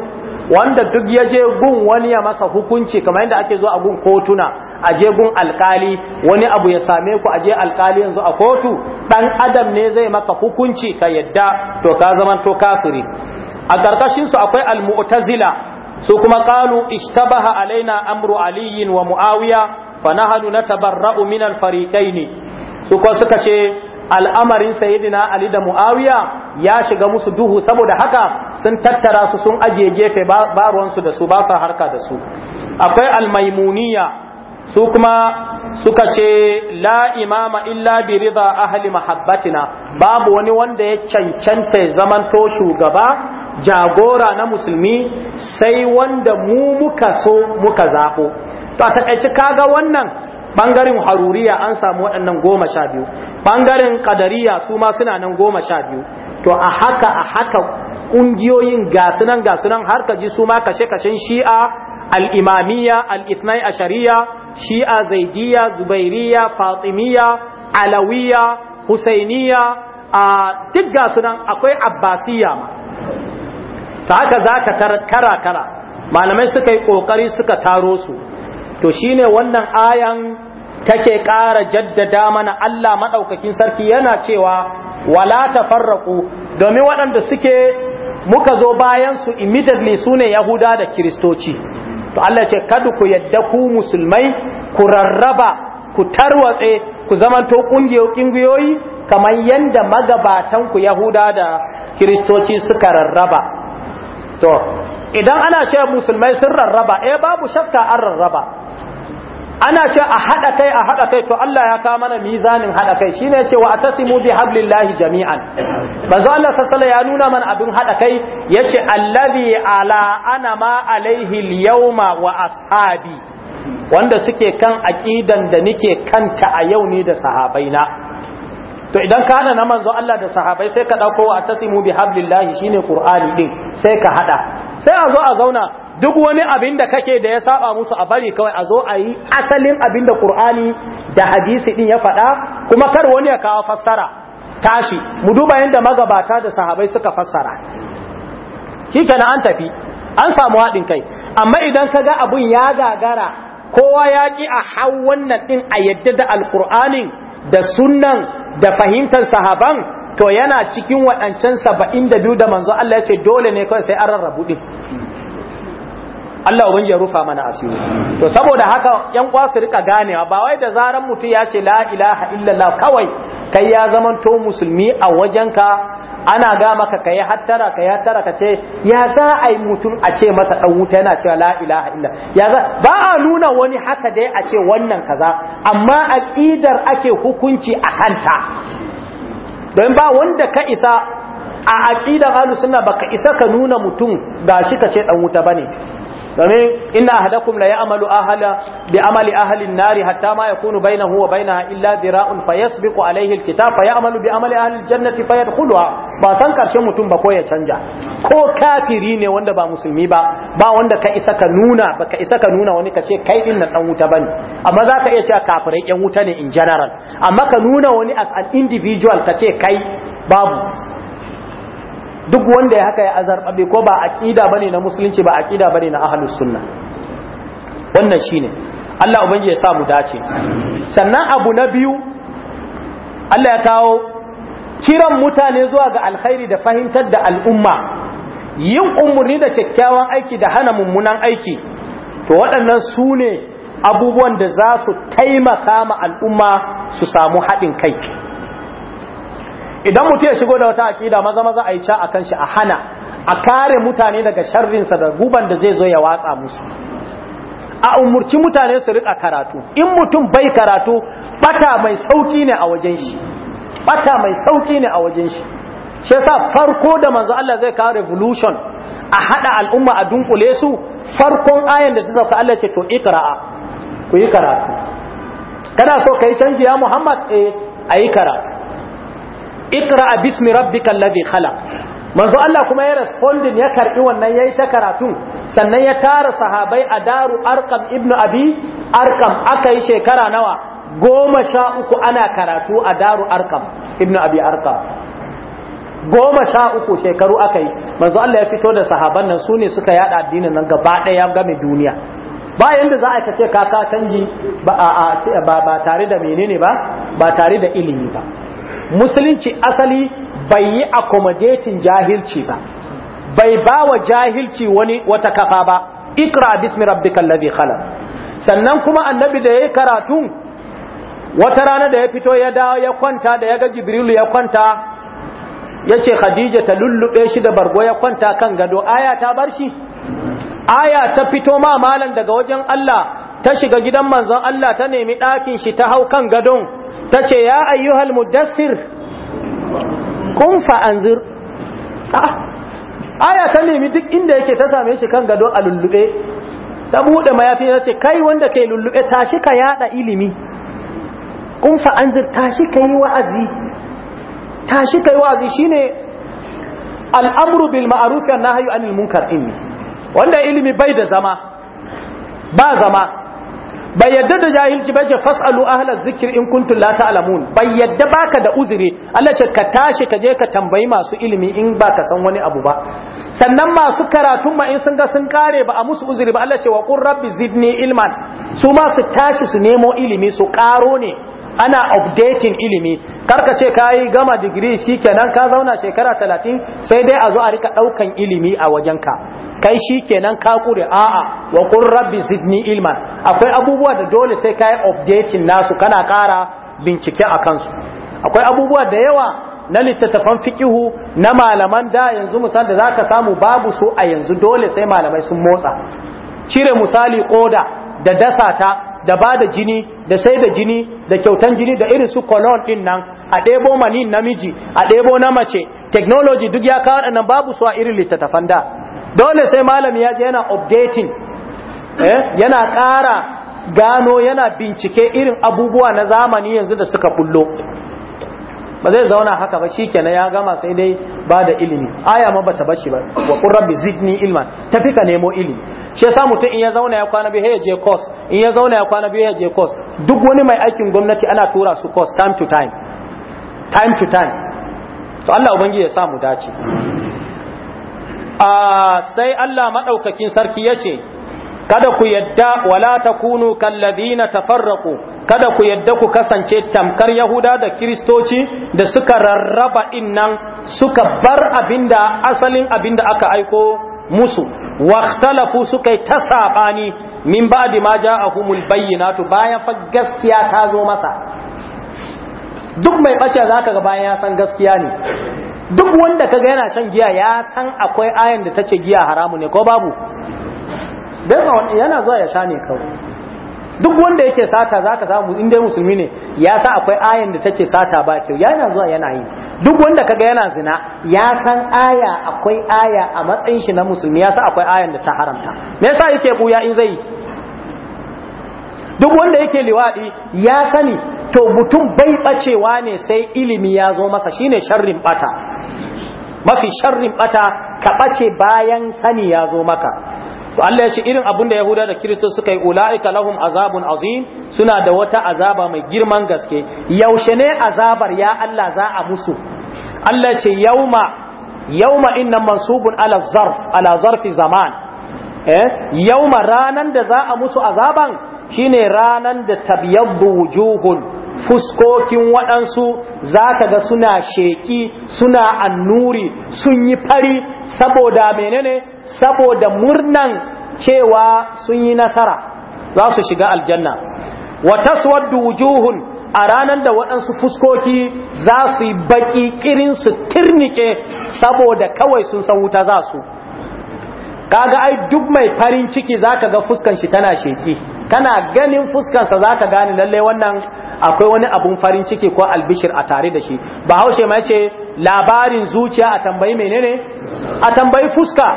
wanda duk ya je gun wani ya masa hukunci kamar yadda ake zo a gun kotuna a je gun alkali wani abu ya same ku a je alkali yanzu a kotu dan adam ne zai maka hukunci ka yadda to ka zama to kafiri a karkashin su akwai almu'tazila su kuma qalu ishtabaha alaina amru aliyin wa muawiya fa nahnu natabarra'u min alfariqaini su ko suka ce al'amarin sayyidina ali da muawiya ya shiga musu duhu saboda haka sun tattara su sun ajiye gefe ba da su ba sa harka da su akwai almaimuniya su kuma suka ce la imama illa bi rida ahli mahabbatina babu wani wanda ya cancanta zamanto shugaba jagora na musulmi sai wanda mu muka so muka zafo to a takaici kaga wannan bangaren haruriya an samu waɗannan goma sha biyu bangaren kadariya su ma suna nan goma sha biyu to a haka a haka ƙungiyoyin gasunan gasunan har ka ji su ma kashe-kashen shi'a al'imamiya al'itnai a shari'a shi'a zaidiya zubairiya fatimiya alawiya husainiya a duk gasunan akwai abbasiya ma ta haka za ka kara-kara malamai suka yi ƙoƙari suka taro su to shine wannan ayan take ƙara jaddada mana Allah maɗaukakin sarki yana cewa wala tafarraqu domin waɗanda suke muka zo bayan su immediately sune Yahuda da Kiristoci to Allah ce kada ku yadda ku musulmai ku rarraba ku tarwatse ku zamanto ƙungiyoyi kamar yadda magabatan ku Yahuda da Kiristoci suka rarraba to idan ana ce musulmai sun rarraba eh babu shakka an rarraba ana ce a haɗa kai a haɗa kai to Allah ya kawo mana mizanin haɗa kai shine yace wa atasimu bi hablillahi jami'an manzo Allah sallallahu ya nuna mana abin haɗa kai yace allazi ala ana ma alaihi al wa ashabi wanda suke kan aqidan da nike kanta a yau ne da sahabaina to idan ka hada na manzo Allah da sahabai sai ka dauko wa tasimu bi hablillahi shine qur'ani din sai ka hada sai a zo a zauna duk wani abin da kake da ya saba musu a bari kawai a zo a yi asalin abin da qur'ani da hadisi din ya faɗa kuma kar wani ya kawo fassara tashi mu duba yadda magabata da sahabai suka fassara shikenan an tafi an samu haɗin kai amma idan ka ga abun ya gagara kowa ya ki a hau wannan din a yadda da alqur'anin da sunnan da fahimtar sahaban to yana cikin waɗancan saba'in da biyu da manzo Allah ya ce dole ne kawai sai an rarrabu din Allah ubangiji ya rufa mana asiri to saboda haka yan kwa su rika ganewa ba wai da zaran mutum ya ce la ilaha illallah kawai kai ya zamanto musulmi a wajenka ana ga maka kai hattara kai hattara ka ce ya za a yi mutum a ce masa dan wuta yana cewa la ilaha illa ya za ba a nuna wani haka dai a ce wannan kaza amma aqidar ake hukunci a kanta don ba wanda ka isa a aqidar ahlus sunna baka isa ka nuna mutum gashi ka ce dan wuta bane domin inna ahadakum la ya'malu ahla bi amali ahli an-nari hatta ma yakunu bainahu wa bainaha illa dira'un fayasbiqu alayhi al-kitab fa ya'malu bi amali ahli al-jannati fayadkhuluha ba san karshen mutum ba ko ya canja ko kafiri ne wanda ba musulmi ba ba wanda ka isa ka nuna ba ka isa ka nuna wani ka ce kai din na dan wuta bane amma za ka iya cewa kafirai yan wuta ne in general amma ka nuna wani as an individual ka ce kai babu duk wanda ya haka ya azarbabe ko ba aqida bane na musulunci ba aqida bane na ahlus sunna wannan shine Allah ubangiji ya sa mu dace sannan abu na biyu Allah ya kawo kiran mutane zuwa ga alkhairi da fahimtar da al'umma yin umarni da kyakkyawan aiki da hana mummunan aiki to waɗannan su ne abubuwan da za su taimaka ma al'umma su samu haɗin kai idan mutum ya shigo da wata aƙida, maza maza a yi ca akan shi a hana a kare mutane daga sharrinsa da guban da zai zo ya watsa musu a umurci mutane su rika karatu in mutum bai karatu bata mai sauki ne a wajen shi bata mai sauki ne a wajen shi shi yasa farko da manzo Allah zai kawo revolution a hada al'umma a dunkule su farkon ayan da ta sauka Allah ce to ikra'a ku yi karatu kana so kai canji ya Muhammad eh ayi karatu ikra bismi rabbikal ladhi khalaq manzo Allah kuma ya respondin ya karbi wannan yayi ta karatun sannan ya tara sahabai a daru arkam ibnu abi arkam aka shekara nawa goma sha uku ana karatu a daru arkam ibnu abi arqam goma sha uku shekaru aka manzo Allah ya fito da sahaban nan su ne suka yada addinin nan gaba ɗaya game duniya ba yanda za a kace ka ka canji ba tare da menene ba ba tare da ilimi ba musulunci asali bai yi akomodetin jahilci ba bai ba wa jahilci wani wata kafa ba ikra bismi rabbikal ladhi khalaq sannan kuma annabi da yayi karatu, wata rana da ya fito ya dawo ya kwanta da ya ga jibrilu ya kwanta yace khadija ta lullube shi da bargo ya kwanta kan gado aya ta barshi aya ta fito ma malam daga wajen Allah ta shiga gidan manzon Allah ta nemi ɗakin shi ta hau kan gadon ta ce ya ayyuhal mudassir kun fa'anzir ah, aya ta nemi duk inda yake ta same shi kan gado a lullube ta buɗe mayafi ta ce kai wanda kai lullube tashi ka yada ilimi kun fa'anzir tashi ka yi wa'azi tashi ka yi wa'azi shine al'amru bil ma'aruf yan nahyu anil munkar inni wanda ilimi bai da zama ba zama bai yadda da jahilci ba ce fasalu ahla zikir in kuntum la ta'lamun bai yadda baka da uzuri Allah ce ka tashi ka je ka tambayi masu ilimi in baka san wani abu ba sannan masu karatun ma in sun ga sun kare ba a musu uzuri ba Allah ce wa qur rabbi zidni ilman su ma su tashi su nemo ilimi su karo ne ana updating ilimi karka ce ka gama digiri shi kenan ka zauna shekara talatin sai dai a zo a rika ɗaukan ilimi a wajenka kai shi kenan ka kure a'a wa qur rabbi zidni ilma akwai abubuwa da dole sai ka updating nasu kana ƙara bincike a kansu akwai abubuwa da yawa na littattafan fikihu na malaman da yanzu musan da za ka samu babu su a yanzu dole sai malamai sun motsa cire misali koda da dasa ta da ba da jini da sai da jini da kyautan jini da irin su colon din nan a ɗebo mani namiji a ɗebo na mace technology duk ya kawo nan babu su a irin littattafan da dole sai malami ya je yana updating eh, yana ƙara gano yana bincike irin abubuwa na zamani yanzu da suka bullo ba zai zauna haka ba shi kenan ya gama sai dai ba da ilimi aya ma bata bashi ba wa qur rabbi zidni ilma tafi ka nemo ilimi shi yasa mutum in ya zauna ya kwana biyu ya je course in ya zauna ya kwana biyu ya je course duk wani mai aikin gwamnati ana tura su course time to time time to time to Allah ubangiji ya sa mu dace a ah, sai Allah madaukakin sarki yace kada ku yadda wala ta kunu kalladina tafarraqu kada ku yadda ku kasance tamkar yahuda da kristoci da suka rarraba innan suka bar abinda asalin abinda aka aiko musu ta واختلفوا min ba'di ma ja'ahumul bayyinatu bayan fa gaskiya ta zo masa. duk mai bace zaka ga bayan ya san gaskiya ne duk wanda kaga yana shan giya ya san akwai ayan da tace giya haramu ne ko babu bai yana zuwa ya sha ne kawai duk wanda yake sata zaka samu in dai musulmi ne ya sa akwai ayan da take sata ba kyau yana zuwa yana yi duk wanda kaga yana zina ya san aya akwai aya a matsayin shi na musulmi ya sa akwai ayan da ta haramta me yasa yake buya in zai duk wanda yake liwadi ya sani to mutum bai bacewa ne sai ilimi ya zo masa shine sharrin bata mafi sharrin bata ka bace bayan sani ya zo maka Allah ya ce irin abin da Yahuda da Kiristo suka yi ula'ika lahum azabun azim suna da wata azaba mai girman gaske yaushe ne azabar ya Allah za a musu Allah ya ce yauma yauma inna mansubun ala zarf ala zarfi zaman eh yauma ranan da za a musu azaban shine ranan da tabyaddu wujuhun fuskokin waɗansu za ka ga suna sheki suna annuri sun yi fari saboda menene saboda murnan cewa sun yi nasara za su shiga aljanna wa taswaddu wujuhun a ranar da waɗansu fuskoki za su yi baƙi kirin su tirnike saboda kawai sun san wuta za su kaga ai duk mai farin ciki zaka ga fuskan shi tana sheki kana ganin fuskansa zaka gane lalle wannan akwai wani abun farin ciki ko albishir a tare da shi ba haushe mai ce labarin zuciya a tambayi menene a tambayi fuska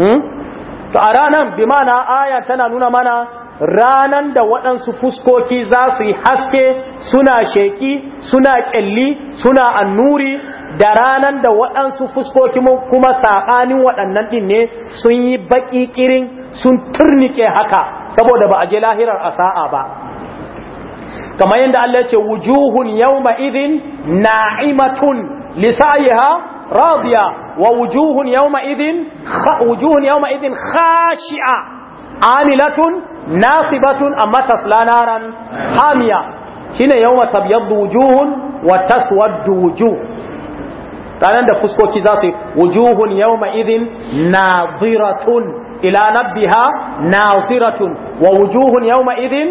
hmm? to a ranan bi mana aya tana nuna mana ranan da waɗansu fuskoki za su yi haske suna sheki suna ƙyalli suna annuri da ranan da waɗansu fuskoki kuma saƙanin waɗannan ɗin ne sun yi baƙi ƙirin sun turnike haka saboda ba a je lahirar a sa'a ba kamar yadda Allah ce wujuhun yawma idhin na'imatun ha radiya wa wujuhun yawma idhin khashi'a amilatun nasibatun amma tasla hamiya shine yawma tabyaddu wujuhun wa taswaddu wujuh ranar da fuskoki za su yi wujuhun yauma idhin nadhiratun ila rabbiha nadhiratun wa wujuhun yauma idhin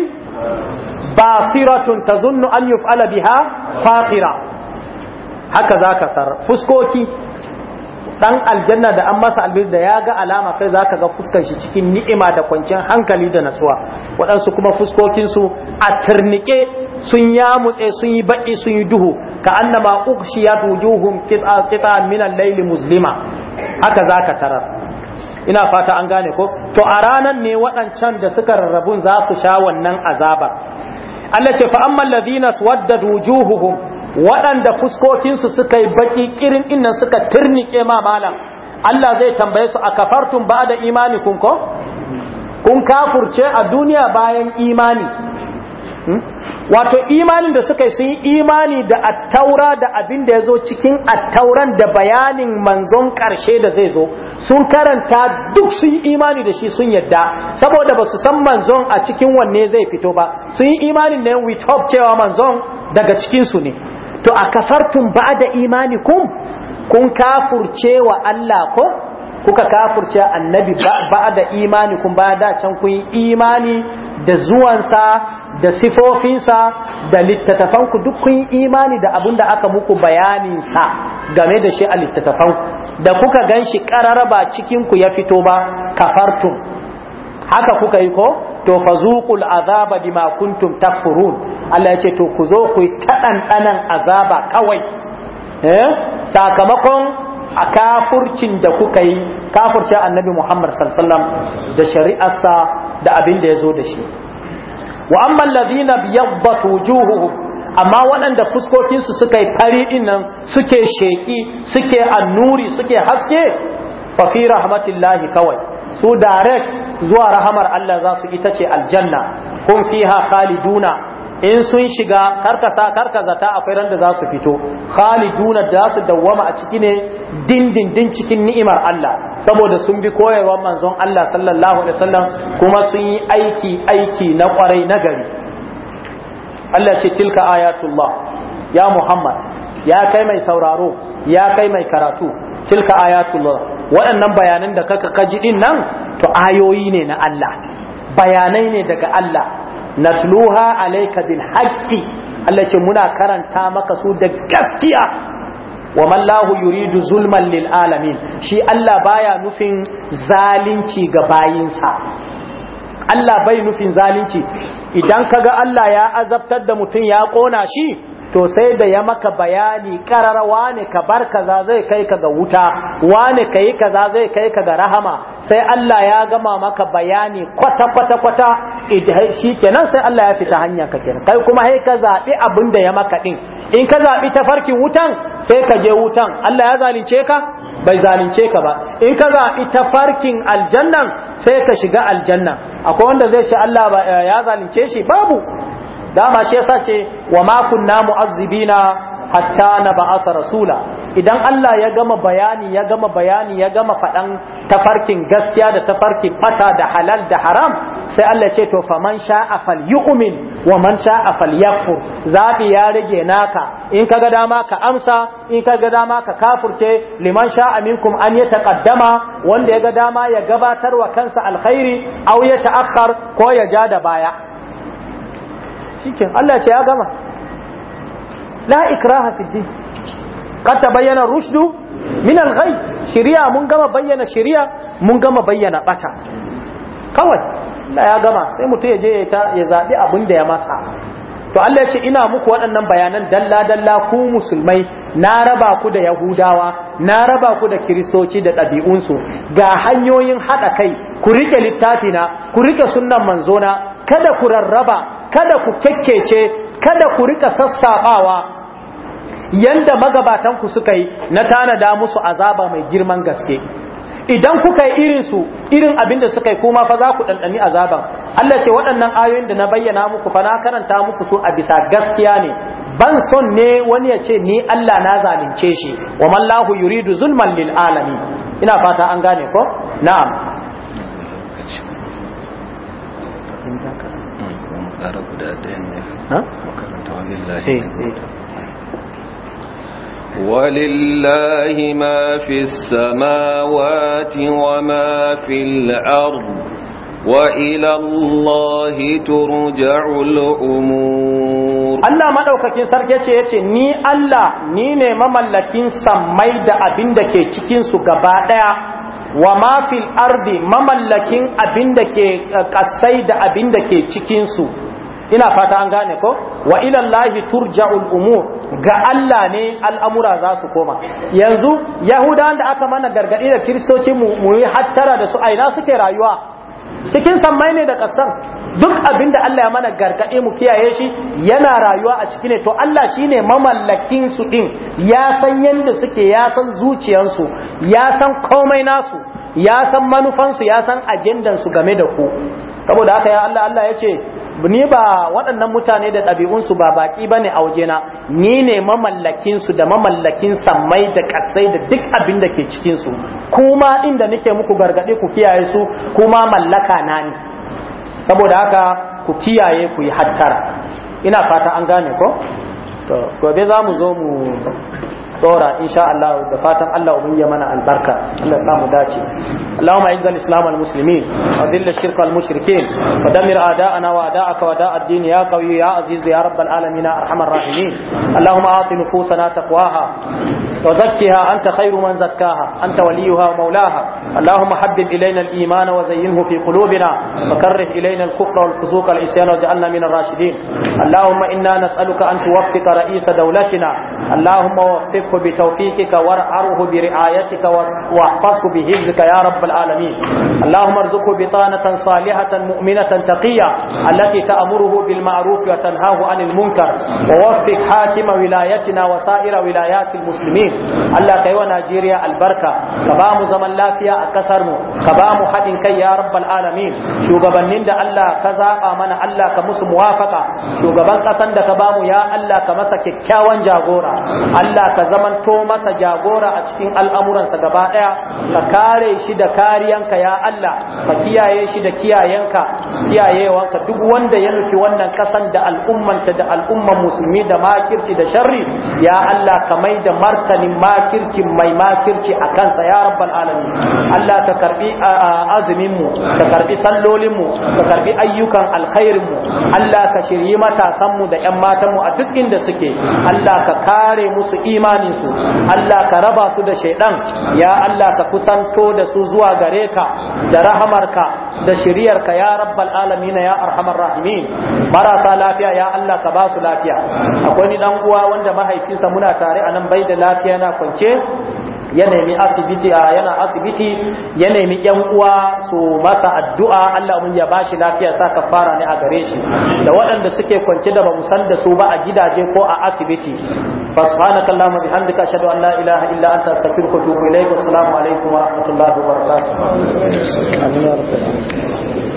basiratun zunnu an yuf'ala biha faqira haka zaka sar fuskoki dan aljanna da an masa albir da ya ga alama kai za ka ga fuskar shi cikin ni'ima da kwanciyar hankali da nasuwa waɗansu kuma fuskokinsu a turnike sun yamutse mutse sun yi baki sun yi duhu ka annama ukshiya wujuhum qit'a qit'a min al-layli muslima haka ka tarar ina fata an gane ko to a ranan ne waɗancan da suka rarrabun za su sha wannan azabar Allah ce fa amma alladhina suwaddat wujuhuhum waɗanda fuskokinsu suka yi baki kirin innan suka turnike ma malam Allah zai tambaye su a kafartun ba da imani kun kun kafurce a duniya bayan imani Hmm? wato imanin da suka yi sun yi imani da attaura da abin da ya zo cikin attauran da bayanin manzon karshe da zai zo sun karanta duk sun yi imani da shi sun yadda saboda ba su san manzon a cikin wanne zai fito ba sun yi imanin da we talk cewa manzon daga cikinsu ne to a kafartun ba da imani kun kun kafurce wa Allah ko kuka kafurce annabi ba da imani kun ba da can kun yi imani da zuwansa da sifofinsa da littattafanku duk kun imani da abin da aka muku bayaninsa game da shi a littattafanku da kuka gan shi ƙarara ba cikinku ya fito ba kafartum haka kuka yi ko to fa zuqul azaba bima kuntum takfurun Allah ya ce to ku zo ku ta kaɗanɗanan azaba kawai eh sakamakon a kafurcin da kuka yi kafurcin annabi Muhammad sallallahu alaihi wasallam da shari'arsa da abin da ya zo da shi wa amma alladhina biyaddat wujuhuhum amma waɗanda fuskokinsu suka yi fari dinnan suke sheki suke annuri suke haske fa fi rahmatillahi kawai su direct zuwa rahamar Allah za su ita ce aljanna hum fiha khaliduna in sun shiga karkasa karkazata akwai ran da za su fito khaliduna da su dawwama a ciki ne dindindin cikin ni'imar Allah saboda sun bi koyarwar manzon Allah sallallahu alaihi wasallam kuma sun yi aiki aiki na kwarai na gari Allah ce tilka ayatullah ya Muhammad ya kai mai sauraro ya kai mai karatu tilka ayatullah waɗannan bayanan da kaka kaji din nan to ayoyi ne na Allah bayanai ne daga Allah natluha alayka bil haqqi Allah ce muna karanta maka su da gaskiya wa mallahu yuridu zulman lil alamin shi Allah baya nufin zalunci ga bayinsa Allah bai nufin zalunci idan kaga Allah ya azabtar da mutum ya kona shi to sai da ya maka bayani karara wane ka bar kaza zai kai ka ga wuta wane ka yi kaza zai kai ka ga rahama sai Allah ya gama maka bayani kwata kwata kwata shi kenan sai Allah ya fita hanya ka kenan kai kuma sai ka zabi abin da ya maka din in ka zabi tafarkin wutan sai ka je wutan Allah ya zalunce ka bai zalunce ka ba in ka zabi tafarkin aljannan sai ka shiga aljanna akwai wanda zai ce Allah eh, ya zalunce shi babu dama shi yasa ce wa ma kunna mu'azzibina hatta na ba'asa rasula idan Allah ya gama bayani ya gama bayani ya gama faɗan tafarkin gaskiya da tafarkin fata da halal da haram sai Allah ce to faman fal falyu'min wa man fal falyakfur zabi ya rage naka in kaga dama ka amsa in ga dama ka kafurce liman sha minkum an yataqaddama wanda ya ga dama ya gabatar wa kansa alkhairi aw ya ta'akhkhar ko ya ja da baya shikin Allah ce ya gama la ikraha fid din qad tabayyana rushdu min al-ghay shari'a mun gama bayyana shari'a mun gama bayyana bata kawai da ya gama sai mutum ya je ya zaɓi abin da ya masa to Allah ya ce ina muku waɗannan bayanan dalla-dalla ku musulmai na raba ku da yahudawa na raba ku da kiristoci da ɗabi'unsu ga hanyoyin haɗa kai ku riƙe littafi na ku rike sunnan manzona kada ku rarraba kada ku kekkece kada ku rika sassaɓawa yanda magabatan ku suka yi na tanada musu azaba mai girman gaske idan kuka yi irin su irin abin da suka yi kuma fa za ku ɗanɗani azaban Allah ce waɗannan ayoyin da na bayyana muku fa na karanta muku su a bisa gaskiya ne ban son ne wani ya ce ni Allah na zalunce shi wa mallahu yuridu zulman lil alami ina fata an gane ko na'am
ولله ما في السماوات وما في الأرض وإلى الله ترجع الأمور Allah
madaukakin sarki ce yace ni Allah ni ne mamallakin sammai da abin da ke cikin gaba ɗaya, wa ma fil ardi mamallakin abin da ke kasai eh, da abin da ke cikin ina fata an gane ko wa ila Allah turja'ul umur ga Allah ne al'amura za su koma yanzu yahudawan da aka mana gargaɗi da kiristoci mu yi hattara da su aina suke rayuwa cikin sammai ne da ƙasar duk abin da Allah ya mana gargaɗe mu kiyaye shi yana rayuwa a ciki ne to Allah shi ne mamallakin su ɗin ya san yadda suke ya san zuciyansu ya san komai nasu ya san manufansu ya san ajendansu game da ku saboda haka ya Allah Allah ya ce ni ba waɗannan mutane da ɗabi'unsu ba baƙi ba ne a na, ni ne mamallakinsu da mamallakin sammai da ƙasai da duk abin da ke cikinsu kuma inda nake muku gargaɗe ku kiyaye su kuma mallaka na ne saboda haka ku kiyaye ku yi hattara ina fata an gane ko gobe za mu zo mu dora insha Allah da fatan Allah ubin ya mana albarka Allah samu dace Allahumma izzal islam wal muslimin wa dhill ash-shirk wal mushrikeen wa damir a'da'ana wa a'da'aka wa da'a ad-din ya qawi ya aziz ya rabb al alamin arhamar rahimin Allahumma a'ti nufusana taqwaha wa zakkiha anta khayru man zakkaha anta waliyuha wa mawlaha اللهم حبب إلينا الإيمان وزينه في قلوبنا وكره إلينا الكفر والفسوق والعصيان واجعلنا من الراشدين اللهم إنا نسألك أن توفق رئيس دولتنا اللهم وفقه بتوفيقك وارعره برعايتك واحفظه بحفظك يا رب العالمين اللهم ارزقه بطانة صالحة مؤمنة تقية التي تأمره بالمعروف وتنهاه عن المنكر ووفق حاكم ولايتنا وسائر ولايات المسلمين الله كيوا نيجيريا البركة كبام زمن لا فيها أكسرمو كبام حد كي يا رب العالمين shugabannin da Allah ka zaɓa mana Allah ka musu muwafaka shugaban ƙasan da ka bamu ya Allah ka masa kyakkyawan jagora Allah ka zamanto masa jagora a cikin al'amuransa gaba ɗaya ka kare shi da kariyanka ya Allah ka kiyaye shi da kiyayenka kiyayewanka duk wanda ya nufi wannan kasan da al'ummanta da al'umman musulmi da makirci da sharri ya Allah ka mai da martanin makirci mai makirci a kansa ya rabbal alamin Allah ka karɓi azumin ka karɓi sallolin ka ayyukan alkhairinmu, Allah ka shirye matasanmu da 'yan matanmu a duk inda suke Allah ka kare kare musu imaninsu Allah ka raba su da shaidan ya Allah ka kusanto da su zuwa gare ka da rahamarka da shiriyarka ya rabbal alamin ya arhamar rahimin marasa lafiya ya Allah ka ba su lafiya akwai ni dan uwa wanda mahaifinsa muna tare a nan bai da lafiya na kwance ya nemi asibiti a yana asibiti ya nemi yan uwa su masa addu'a Allah mun ya bashi lafiya sa kafara ne a gare shi da waɗanda suke kwance da bamu san da su ba a gidaje ko a asibiti fa subhanaka allahumma bihamdika ashhadu an la ilaha illa anta astaghfiruka wa atubu ilayk assalamu alaikum wa rahmatullahi wa barakatuh